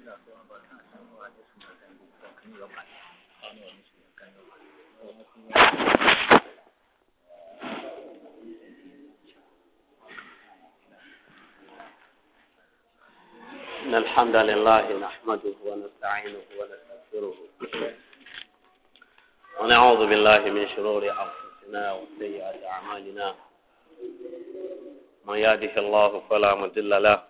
إن الحمد لله نحمده ونستعينه ونستغفره ونعوذ بالله من شرور أنفسنا وسيئات أعمالنا من يهده الله فلا مضل له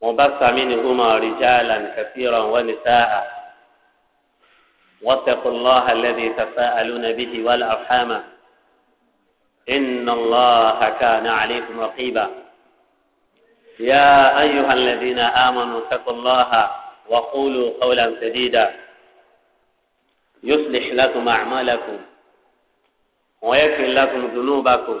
وبث منهما رجالا كثيرا ونساء واتقوا الله الذي تساءلون به والأرحام إن الله كان عليكم رقيبا يا أيها الذين آمنوا اتقوا الله وقولوا قولا سديدا يصلح لكم أعمالكم ويكفر لكم ذنوبكم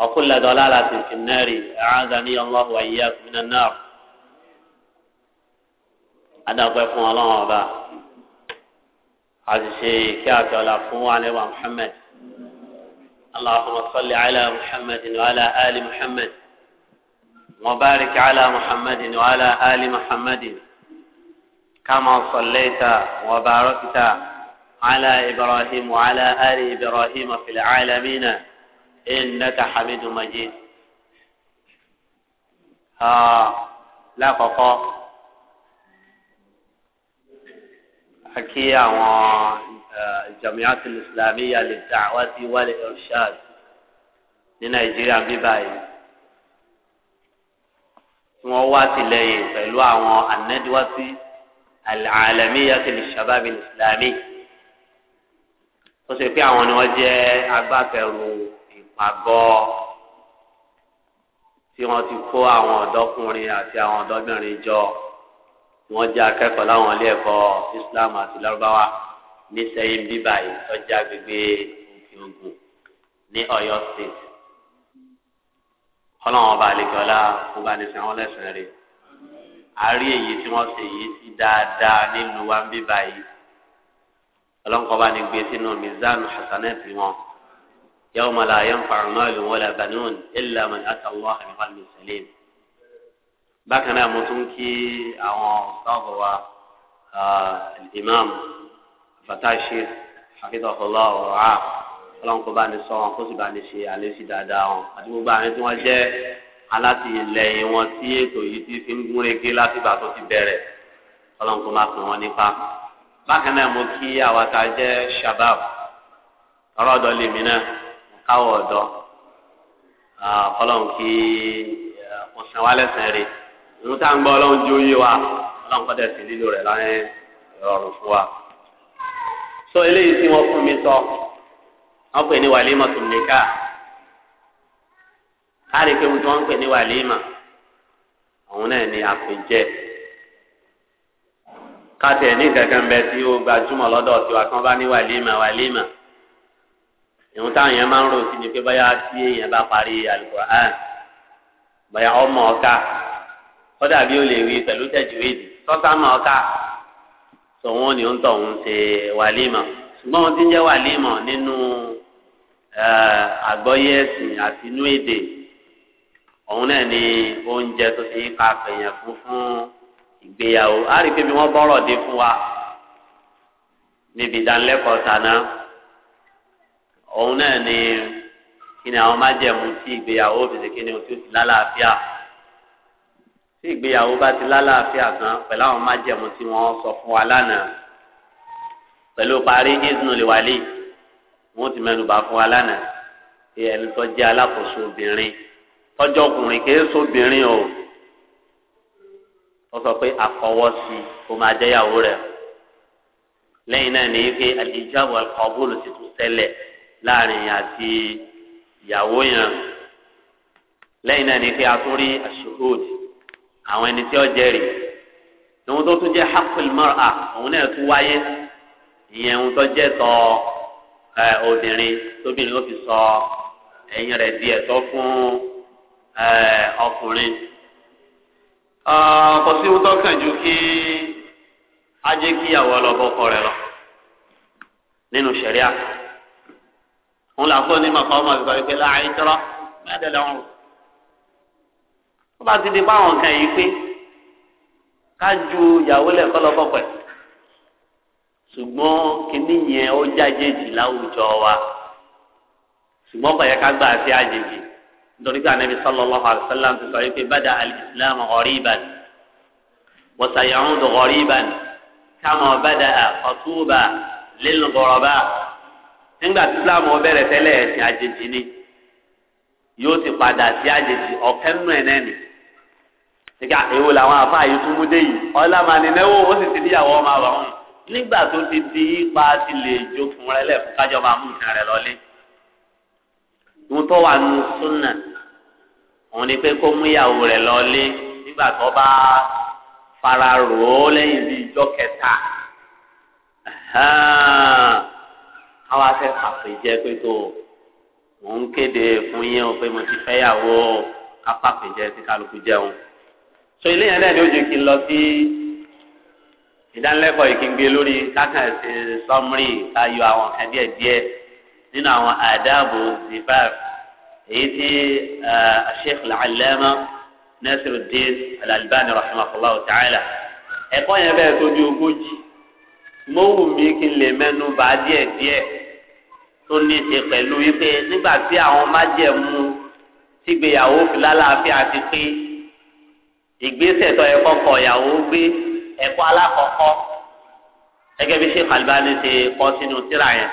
وكل ضلالة في النار أعاذني الله وإياكم من النار أنا أقول الله أبا عزيزي كافي ولا فو على محمد اللهم صل على محمد وعلى آل محمد وبارك على محمد وعلى آل محمد كما صليت وباركت على إبراهيم وعلى آل إبراهيم في العالمين innaka hamidun majid lákọ̀ọ́kọ́ akí àwọn jamiat islamiyya lè dá wá sí wálé irshad ní nàìjíríà bí báyìí tí wọ́n wá tìlẹ́yìn pẹ̀lú àwọn anẹ́díwásí alàlàmíyà tìlì islámì ó sì pé àwọn ni wọ́n jẹ́ agbákẹ̀rù àgọ́ tí wọ́n ti kó àwọn ọ̀dọ́kùnrin àti àwọn ọ̀dọ́bìnrin jọ tí wọ́n jẹ́ akẹ́kọ̀ọ́ láwọn ilé ẹ̀kọ́ Islam àti Lárúbáwá ní sẹ́yìn bíbá yìí tọ́jà gbégbé òkè ogun ní Ọ̀yọ́ state ọlọ́run ọba àlejòọ́lá kó bá ní sẹ́wọ́n lẹ́sẹ̀ rẹ̀ a rí èyí tí wọ́n ṣe yìí sí dáadáa nínú wa ń bíbá yìí ọlọ́run bá ní gbé sínú mizan hasanet wọn. يوم لا ينفع مال ولا بنون إلا من أتى الله بقلب سليم bákan náà mo tún kí àwọn ọ̀sáàbọ̀ wa imam fatashi hafidhahullah ọ̀rá ọlọ́run kó bá ní sọ wọn kó sì bá ní ṣe àléṣí dáadáa wọn àti gbogbo àwọn tí wọ́n jẹ́ alátìlẹyìn wọn tí ètò yìí ti fi ń gún régé látìgbà tó ti bẹ̀rẹ̀ ọlọ́run kó má pè wọ́n nípa. bákan náà mo kí àwa tá a jẹ́ shabab ọlọ́dọ̀ lèmi náà. káwọ ọdọ Ọlọ́run kí wọn san wálé sàn rè irú tá à ń jó yé wa Ọlọ́run kọ́ dẹ̀sí lílo rẹ̀ láyé ìrọ̀rùn fún wa. sọ eléyìí tí wọ́n fún mi sọ pè ní tó lè ká pé pè ní òun náà ni àpèjẹ káàtì ẹ̀ ní tí ó tiwa kí ìwọ táwọn yẹn máa ń rò sí ni pé báyà tí èèyàn bá parí alukur'an báyà ọmọ ọ̀ka kọ́dà bí ó lè wí pẹ̀lú tẹ̀júwèdì sọ́sàmù ọ̀ka tòun ni ó ń tọ̀ ń ṣe wàlímọ̀ ṣùgbọ́n wọn ti ń jẹ́ wàlímọ̀ nínú àgbọ́yé ẹ̀sìn àti inú èdè òun náà ni oúnjẹ tó ti ń pa fún fún ìgbéyàwó á rí i pé bí wọ́n bọ́rọ̀ dé fún wa níbi ìdánilẹ́kọ̀ọ́ tàná òun náà ni kí ni àwọn májẹ̀mú tí ìgbéyàwó fi ṣe kí ni o tí ó ti lálàáfíà tí ìgbéyàwó bá ti lálàáfíà kan pẹ̀lú àwọn májẹ̀mú tí wọ́n sọ fún wa lánàá pẹ̀lú parí ìdùnnú lè wálé wọ́n ti mẹ́nu bá fún wa lánàá kí ẹni tó jẹ́ alákòóso obìnrin tọ́jọ́ ọkùnrin kìí sóbìnrin o wọ́n sọ pé àfọwọ́sí kó máa jẹ́yàwó rẹ̀ lẹ́yìn náà ní pé al-ijab wal-qabul ti tún tẹ́lẹ̀ láàrin àti ìyàwó yẹn lẹ́yìn náà ni kí a tún rí ashuhud àwọn ẹni tí ó jẹ́rìí ohun tó tún jẹ́ haqqul mar'a òun náà tún wáyé ìyẹn ohun tó jẹ́ tọ́ obìnrin tóbìnrin ó fi sọ ẹ̀yìn rẹ̀ di ẹ̀tọ́ fún ọkùnrin kò sí ohun tó kàn ju kí a jẹ́ kíyàwó ọlọ́bọ̀kọ rẹ̀ lọ nínú ṣẹ̀ríà òun là fún onímọ̀ kan ọmọ ìgbà wípé láàyè tọ́lá mẹ́tẹ̀ lọ́rùn. wọ́n bá ti di báwọn kan yìí pé ká ju ìyàwó lẹ̀kọ́ lọ bọ̀pẹ̀ ṣùgbọ́n kínní yẹn ó jájèjì láwùjọ wa ṣùgbọ́n kò yẹ ká gbà sí àjèjì nítorí pé anabi sallallahu alayhi ti sọ wípé bada al-islam ghariban wa sayaudu ghariban kama bada qatuba lil ghuraba nígbà tí islam ọbẹ̀rẹ̀ tẹ́lẹ̀ ẹ̀sìn àjèjì ni yóò ti padà sí àjèjì ọ̀kẹ́ nù ẹ̀ nẹ́ni. ìgbà èwo làwọn àfáà yìí tún mú dé yìí ọlámànínáwó ó sì ti níyàwó ọmọ àwọn ọ̀hún nígbà tó ti di ipa ti lè jó rẹ lẹ́fún kájọ máa mú ìtàn rẹ lọlé. ìwọ́n tó wà nù súnà òun ni pé kó mú ìyàwó rẹ lọlé nígbà tó bá fara rò ó lẹ́yìn bíi ìjọ kẹta àwọn afẹ́ pàṣẹ jẹ́ pé tó mò ń kéde fún yín o pé mo ti fẹ́ yàwó apàpẹ̀jẹ́ tí kálukú jẹun. so ilé yẹn náà ni ó jẹ́ kí n lọ sí ìdánilẹ́kọ̀ọ́ yìí kí n gbé lórí kákan ẹ̀sìn sọ́mùrì ká yọ àwọn kan díẹ̀ díẹ̀ nínú àwọn àdáàbò zibaf èyí tí sheikh al-allama nasiruddin al-albani rahimahullah ta'ala ẹ̀kọ́ yẹn bẹ́ẹ̀ tó di ogójì mo wù mí kí n lè mẹ́nu bá díẹ̀ díẹ̀ tó ní í ṣe pẹ̀lú wípé nígbà tí àwọn májẹ̀mú tígbéyàwó fi lálàáfíà ti pé ìgbésẹ̀ tó yẹ kọ́kọ́ ìyàwó gbé ẹ̀kọ́ alákọ̀ọ́kọ́ gẹ́gẹ́ bí Sheikh Albani ṣe kọ́ sínú tírà yẹn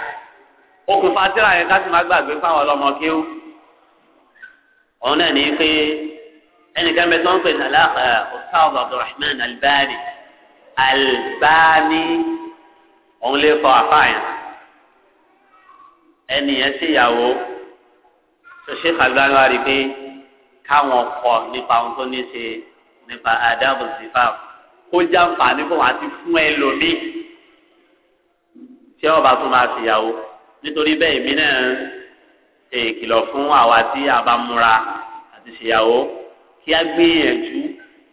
okùnfà tírà yẹn ká sì má gbàgbé fáwọn ọlọ́mọ kéwú òun náà ní pé ẹnìkan bẹ tó ń pè ní aláàkà eh, Ustaz Abdulrahman Albani Albani òun lè kọ́ àfáà yẹn ẹnì yẹn ṣèyàwó tó ṣe kàgbáńgá rí pé káwọn kọ nípa ohun tó ní ṣe nípa adabu zifaf kó jàǹfààní fún wa àti fún ẹlòmíì tí ọba tó máa ṣèyàwó nítorí bẹ́ẹ̀ èmi náà ṣe ìkìlọ̀ fún àwa tí a bá múra àti ṣèyàwó kí a gbìyànjú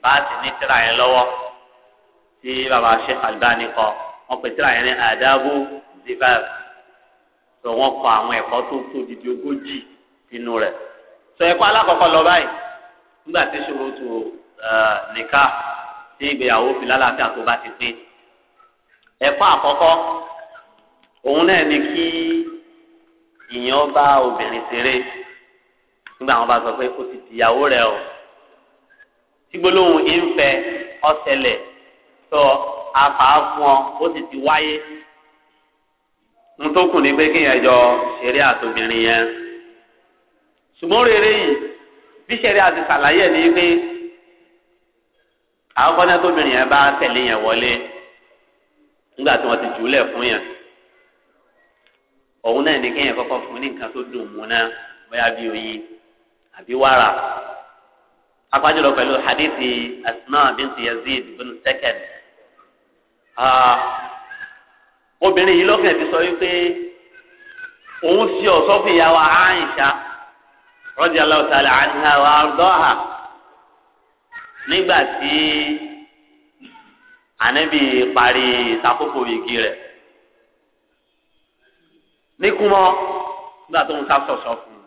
bá a sì ní tíra yẹn lọ́wọ́ tí bàbá Sheikh Albani kọ wọn pè tíra yẹn ní adabu zifaf tó wọ́n kọ àwọn ẹ̀kọ́ tó tó didi ogójì nínú rẹ̀ sọ ẹ̀kọ́ alákọ̀ọ́kọ́ lọ báyìí nígbà tí ṣòro tó nìka tí ìgbéyàwó fi lálàáfíà tó bá ti pé ẹ̀kọ́ àkọ́kọ́ òun náà ni kí ìyẹn bá obìnrin ṣeré nígbà wọn bá sọ pé ó ti dìyàwó rẹ̀ o tí gbólóhùn ìfẹ́ ọ̀sẹ̀lẹ̀ tó afàáfún ọ ó sì ti wáyé ń ni kù ní pé kéèyàn jọ eré àtòbìnrin yẹn ṣùgbọ́n rere yìí bí ṣẹ̀rí àti ṣàlàyé ni pé àwọn kọ́ni àtòbìnrin yẹn bá tẹ̀lé yẹn wọlé nígbà tí wọ́n ti jùlẹ̀ fún yẹn òun náà ní kéèyàn kọ́kọ́ fún ní nǹkan tó dùn mú náà bóyá bí oyin àbí wàrà apájọlọ pẹ̀lú hadithi asma binti yazid bin seked obìnrin yìí lọ́kàn ti sọ wípé òun ṣe ọ̀ṣọ́ fún ìyàwó Àìṣà radiyallahu ta'ala anha wa ardaha nígbà tí ànábì parí ìtakókò igi rẹ̀ níkùmọ́ nígbà tó ń sá sọ̀sọ̀ fún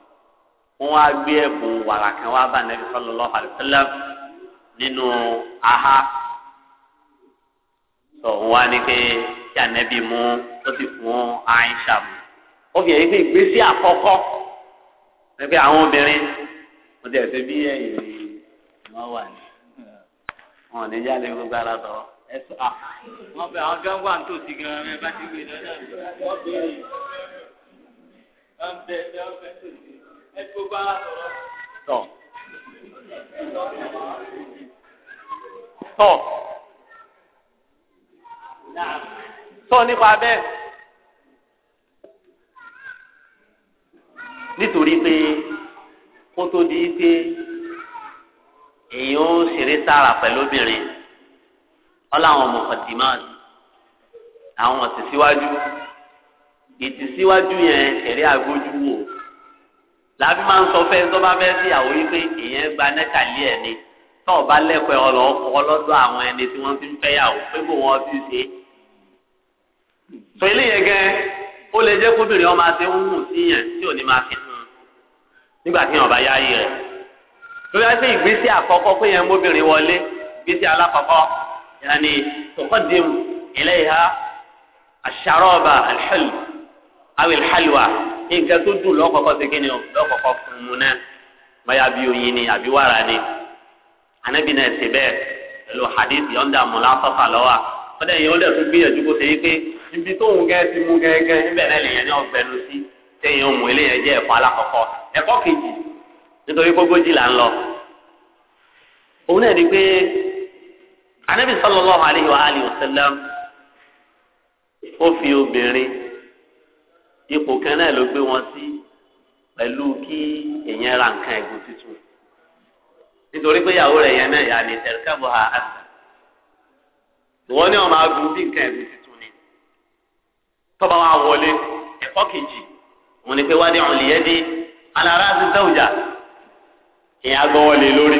un wọ́n á gbé ẹ̀bùn wàrà kan wá bá ànábì sallallahu alaihi wasallam nínú aha sọ̀ wọ́n ní pé tí ànẹ́bí mú ó sì fún Aisha mu. ó fi èyí pé ìgbésí àkọ́kọ́ pé àwọn obìnrin mo ti ẹ̀sẹ̀ bí ẹ̀yìn wọn wà ní. wọn ò ní yálé gbogbo ara tọ ẹsọ à. Ah, wọn bẹ àwọn gánwà ń tòsí gan ẹ bá ti gbé lọ́dọ̀ wọn béèrè wọn bẹ ẹ wọn bẹ tòsí ẹ gbogbo ara tọ. tọ. tọ sọ nípa bẹ́ẹ̀ nítorí pé kó tó di pé èèyàn ó ṣeré sára pẹ̀lú obìnrin ọláwọn ọmọ fatimáàtì àwọn ọ̀tẹ̀síwájú ìtẹ̀síwájú yẹn kẹ̀rí agbójú wò làbí máa ń sọ fẹ́ tó bá fẹ́ sí àwọn yìí pé èèyàn gba nẹ́tàlí ẹ̀ ni tó o bá lẹ́kọ̀ọ́ ọ̀rọ̀ ọkọ̀ àwọn ẹni tí wọ́n ti ń fẹ́yàwó pé kò wọ́n ti ṣe é fẹlẹ yẹn gẹ ó lè jẹ kóbìnrin ọmọ àti ohun síyàn tí ò ní máa fi hun nígbà tí yàn bá yá ayé rẹ lórí ẹsẹ ìgbésí àkọ́kọ́ pé yẹn móbìnrin wọlé ìgbésí alákọ̀ọ́kọ́ yanni tọkọdìm ilayha aṣarọba alḥal awi alḥalwa nǹkan tó dùn lọkọkọ ti kí ni o lọkọkọ fún mu náà báyà bí oyin ni àbí wàrà ni anabi náà ti bẹ́ẹ̀ pẹ̀lú hadith yọ̀ǹda mọ̀lá sọ́fà lọ́wọ́ ọ̀dẹ̀ yẹn ó dẹ̀ tún gbìyànjú kó ṣe pé ibi tó ń gẹ́ ti mú gẹ́gẹ́ níbẹ̀ náà lèyẹn ní ọgbẹ́nu sí téèyàn mú eléyẹn jẹ́ ẹ̀kọ́ alákọ̀ọ́kọ́ ẹ̀kọ́ kejì nítorí gbogbogbò là ń lọ. òun náà ni pé anábì sallallahu alaihi wa alihi wasallam ó fi obìnrin ipò kan náà ló gbé wọn sí pẹ̀lú kí èèyàn ra nǹkan ẹ̀gùn tuntun nítorí pé ìyàwó rẹ̀ yẹn náà yà ní tẹ̀ríkàbọ̀ àṣà wọ́n ní ọmọ agun bí nǹkan ẹ̀gùn tuntun tọ́ba wa wọlé ẹ̀kọ́ kejì òun ni pé wá ní ọ̀lẹ́ yẹn ní alára àti sẹ́wùjà ìyẹn agbọ́wọ́lé lórí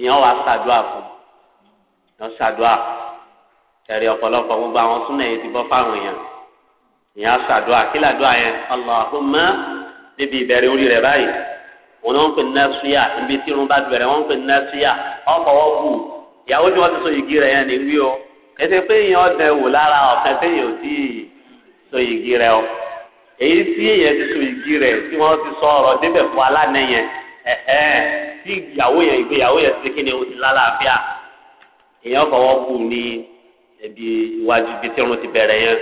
ìyẹn wàá ṣàdúrà fún ìyẹn ṣàdúrà ẹ̀rí ọ̀pọ̀lọpọ̀ gbogbo àwọn súnmọ̀ yẹn ti bọ́ fáwọn èèyàn ìyẹn ṣàdúrà kí làdúrà yẹn Allahumma níbi ìbẹ̀rẹ̀ orí rẹ̀ báyìí wọn ni wọn pè ní nẹ́síyà níbi tí irun bá bẹ̀rẹ̀ wọn pè ní nẹ́síyà ọkọ̀ ọ̀bù ìyàwó tí wọ́n ti so yìgì rẹ̀ yẹn ní wí kẹsẹ pé èèyàn ọdẹ wò lára ọkàn téèyàn ò tí ì so igi rẹ o èyí tí èèyàn ti so igi rẹ tí wọn ti sọ ọ̀rọ̀ débẹ̀ fún alánẹ yẹn ẹhẹn tí ìyàwó yẹn ìgbéyàwó yẹn ti kíni o ti lálàáfíà èèyàn fọwọ́ kù ní ẹbí iwájú ibi tí irun ti bẹ̀rẹ̀ yẹn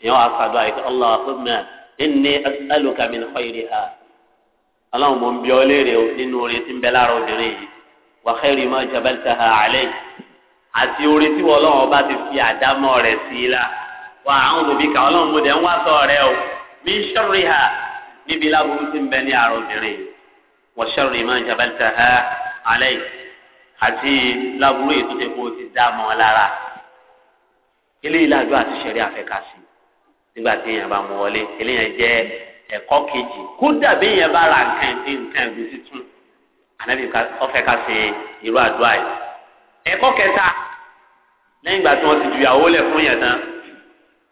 èèyàn wàá fàdúrà yìí Allahumma inni as'aluka min khayriha aláwọn mọ̀ ń bí ọ léèrè nínú orin tí ń bẹ lára àti orí tí wọ́n lọ́wọ́ bá ti fi àdámọ́ rẹ̀ sí i la wà àwọn òbí kan ọlọ́run mo dẹ̀ ń wá sọ rẹ o mi ń ṣọ́rí ha níbi láburú ti ń bẹ ní àrùn obìnrin wọ́n ṣọ́rí máa ń jabalita ha alẹ́ yìí àti láburú èyí tó ti kó o ti dá lára eléyìí lájọ àti ṣẹ̀rí àfẹ́kàsí nígbà tí èèyàn bá mú wọlé eléyìí jẹ́ ẹ̀kọ́ kejì kódà bí èèyàn bá ra nǹkan ẹ̀ nǹkan ẹ̀ tún ànábì ẹ̀kọ́ kẹta lẹ́yìn ìgbà tí wọ́n ti juyàwó ìyàwó fún yẹn tán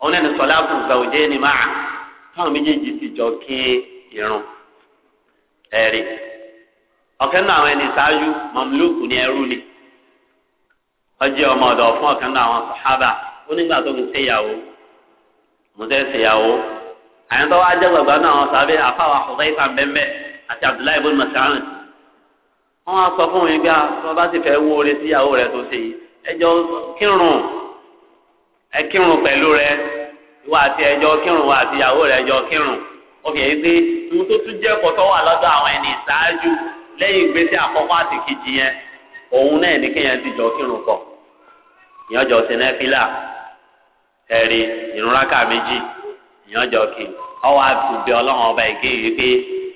wọ́n lẹ́nu sọlá kù zàwùjẹ́ ni máa káwọn méjèèjì ti jọ kí irun àwọn ẹni ṣáájú ni ẹrú ni ọjọ́ ọmọ ọ̀dọ̀ fún ọ̀kẹ́ nínú àwọn sàhábà ó nígbà tó ń mo tẹ́ wa jẹ́ náà wọn wọn á sọ fún mi pé àwọn ah, bá sì wo oore sí rẹ tó ṣe yìí ẹjọ kírun ẹ kírun pẹ̀lú rẹ ìwọ àti ẹjọ kírun àti ìyàwó rẹ ẹjọ kírun tó tún àwọn ẹni ìṣáájú àti kejì yẹn òun náà ní kéèyàn ti jọ kírun pọ̀ ìyànjọ sí méjì kí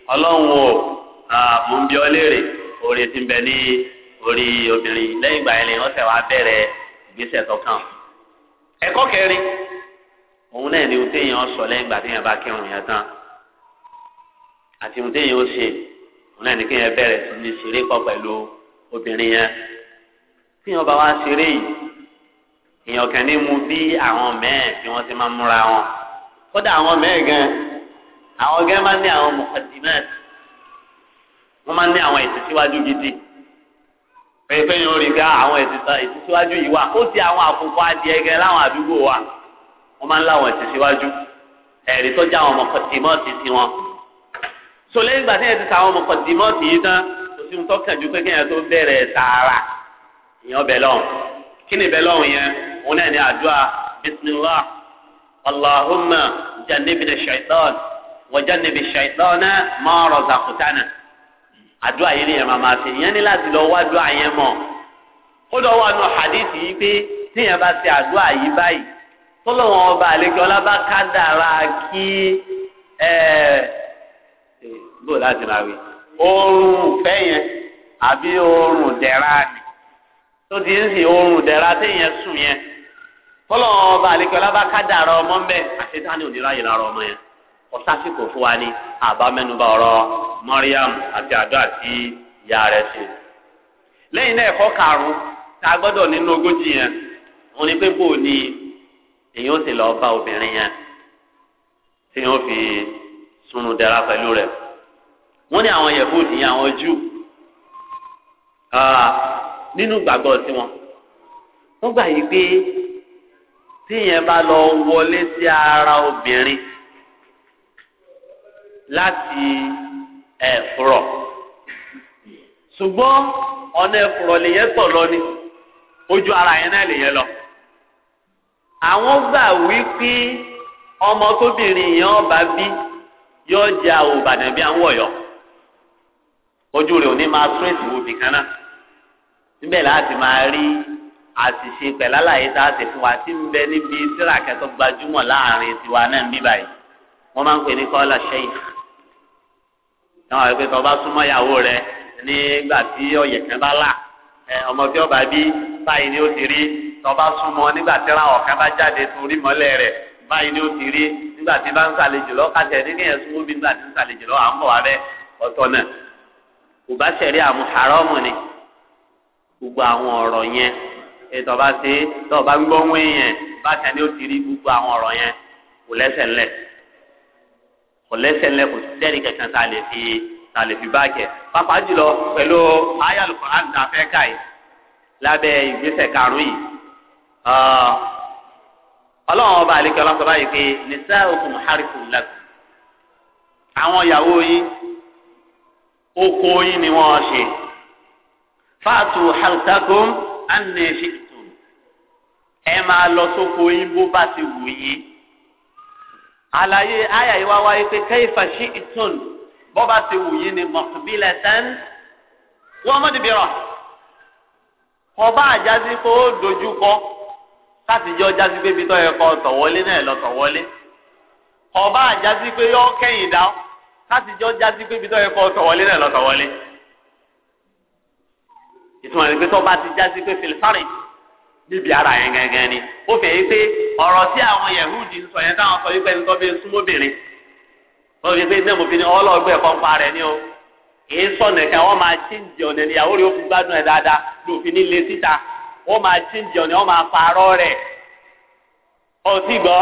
ọba pé oore ti ń bẹ ní orí obìnrin lẹ́yìn ìgbà yẹn lè wọ́n tẹ̀ wá bẹ̀rẹ̀ ìgbésẹ̀ tó kàn. ẹ̀kọ́ kẹrin òun náà ni ohun téèyàn sọ lẹ́yìn ìgbà téèyàn bá kírun yẹn tán àti ohun téèyàn ó ṣe òun náà ni kéèyàn bẹ̀rẹ̀ sí ní ṣeré pọ̀ pẹ̀lú obìnrin yẹn téèyàn bá wá ṣeré yìí èèyàn kàn ní mu bí àwọn mẹ́ẹ̀ bí wọ́n ti máa múra wọn kódà àwọn mẹ́ẹ̀ gan àwọn gan máa ń ní wọ́n máa ń ní àwọn ìtẹ̀síwájú gidi pẹ̀lú yẹn ó rí bí ah, àwọn ìtẹ̀síwájú yìí wà ó ti àwọn àkókò adìẹ gẹ láwọn àdúgbò wa wọ́n máa ń láwọn ìtẹ̀síwájú ẹ̀rí tó já àwọn mọ̀kọ́tìmọ́ọ̀tì sí wọn. so lẹ́yìn ìgbà tí yẹn ti sa àwọn mọ̀kọ́tìmọ́ọ̀tì yìí tán kò sí nǹkan kàn ju pé kéèyàn tó bẹ̀rẹ̀ sàárà ìyẹn ọbẹ̀ lọ́hùn kí ni ìbẹ̀ lọ́hùn yẹn òun náà ní àdúrà bismillah allahumma jannibna shaitan wa jannibi shaitana ma razaqtana. àdúrà yìí nìyẹn máa máa ṣe ìyẹn ní láti lọ wá àdúrà yẹn ó lọ wà nù hadith yìí pé téèyàn bá ṣe àdúrà yìí báyìí tọ́lọ́wọ́n ọba àlejò ọlábá kádàrá kí bó láti máa wí oorun àbí oorun dẹ̀ra ni ọ̀sásìkò fún wa ní àbámẹ́nuba ọ̀rọ̀ Mariam àti àdó àti ìyá rẹ̀ ṣe. lẹ́yìn náà ẹ̀kọ́ karùn-ún tá a gbọ́dọ̀ nínú ogójì yẹn wọ́n ní pé bò ní èyí ó sì lọ bá obìnrin yẹn tí wọ́n fi sunu dara pẹ̀lú rẹ̀. wọ́n ní àwọn yẹ̀fóòdì yẹn àwọn jù nínú gbàgbọ́ tiwọn wọ́n gbà yí pé tíyẹn bá lọ wọlé sí ara obìnrin láti ẹ̀fúrọ̀ ṣùgbọ́n ọ̀nà ẹ̀fúrọ̀ lèyẹn tọ̀ lọ ni ojú ara yẹn náà lèyẹn lọ. àwọn gbà wípé ọmọ tóbìnrin yẹn ọba bí yóò jẹ àwòbàdàn bí àwọn ọ̀yọ́ ojú rẹ̀ ò ní máa tún èsì wo bìkan náà níbẹ̀ láti máa rí àṣìṣe pẹ̀láláyé tá a ti fún wa tí ń bẹ níbi tíra kẹtọ́ gbajúmọ̀ láàrin tiwa náà ń bí báyìí wọ́n máa ń pè ní kọ́lá sheikh náà wọ́n pé tó bá súnmọ́ ìyàwó rẹ nígbà tí ọ̀yẹ̀ kan bá là ọmọ tí ọba bí báyìí ni ó ti rí tó bá súnmọ́ nígbà tí ra ọ̀kan bá jáde torí mọ́lẹ̀ rẹ̀ báyìí ni ó ti rí nígbà tí bá ń sàlejò lọ kàtẹ́ ní kéèyàn súnmọ́ bí nígbà tí ń sàlejò lọ à ń bọ̀ wá bẹ́ ọ̀tọ̀ náà kò bá ṣẹ̀rí àmú haramu ni gbogbo àwọn ọ̀rọ̀ yẹn ètò ọba ṣe tó ń gbọ́ wọ́n yẹn bákan ni ó ti rí gbogbo àwọn ọ̀rọ̀ yẹn kò lẹ́sẹ̀ ńlẹ̀ kò lẹ́sẹ̀ ńlẹ̀ kò sẹ́ni kankan tá a lè fi tá a lè fi báàkẹ́ pápá jùlọ pẹ̀lú àyá Al-Qur'an tá a fẹ́ ká yìí lábẹ́ ìgbésẹ̀ karùn-ún yìí ah, ọlọ́run ọba àlekẹ́ ọlọ́sọ báyìí pé nisa'ukum harithun lakum àwọn ìyàwó yín oko yín ni wọ́n ṣe fáàtù harthakum anna ẹ máa lọ sóko yín bó bá ti wù yín àlàyé àyà yìí wá wáyé pé kayfa shi'tun bọ́ba ti wù yín ni muqbilatan wọ́n mọ̀dìbìrọ̀ ọba àjásí kó o dojú kọ láti jẹ́ ọjásí pé ibi tó yẹ kọ́ tọ̀wọ́lé náà lọ tọ̀wọ́lé ọba àjásí pé yọ kẹ́yìn dá láti jẹ́ ọjásí pé ibi tó yẹ tọ̀wọ́lé náà lọ tọ̀wọ́lé ìtumọ̀ ní pé tó ti jásí pé fìlífàrì níbi ara yẹn gangan ni ó fẹ́ yí pé ọ̀rọ̀ tí àwọn yahudi ń sọ yẹn táwọn sọ yí pé nǹkan bíi súnmọ́bìnrin wọ́n fi pé ní mo fi ní ọlọ́ọ̀gbẹ́ ni o kìí sọ̀nà kan wọ́n máa chíǹjì ọ̀nà ìyàwó rẹ̀ ó fi gbádùn ẹ̀ dáadáa lòfin ní ilé síta wọ́n máa chíǹjì ọ̀nà wọ́n máa parọ́ rẹ̀ ọtí gbọ́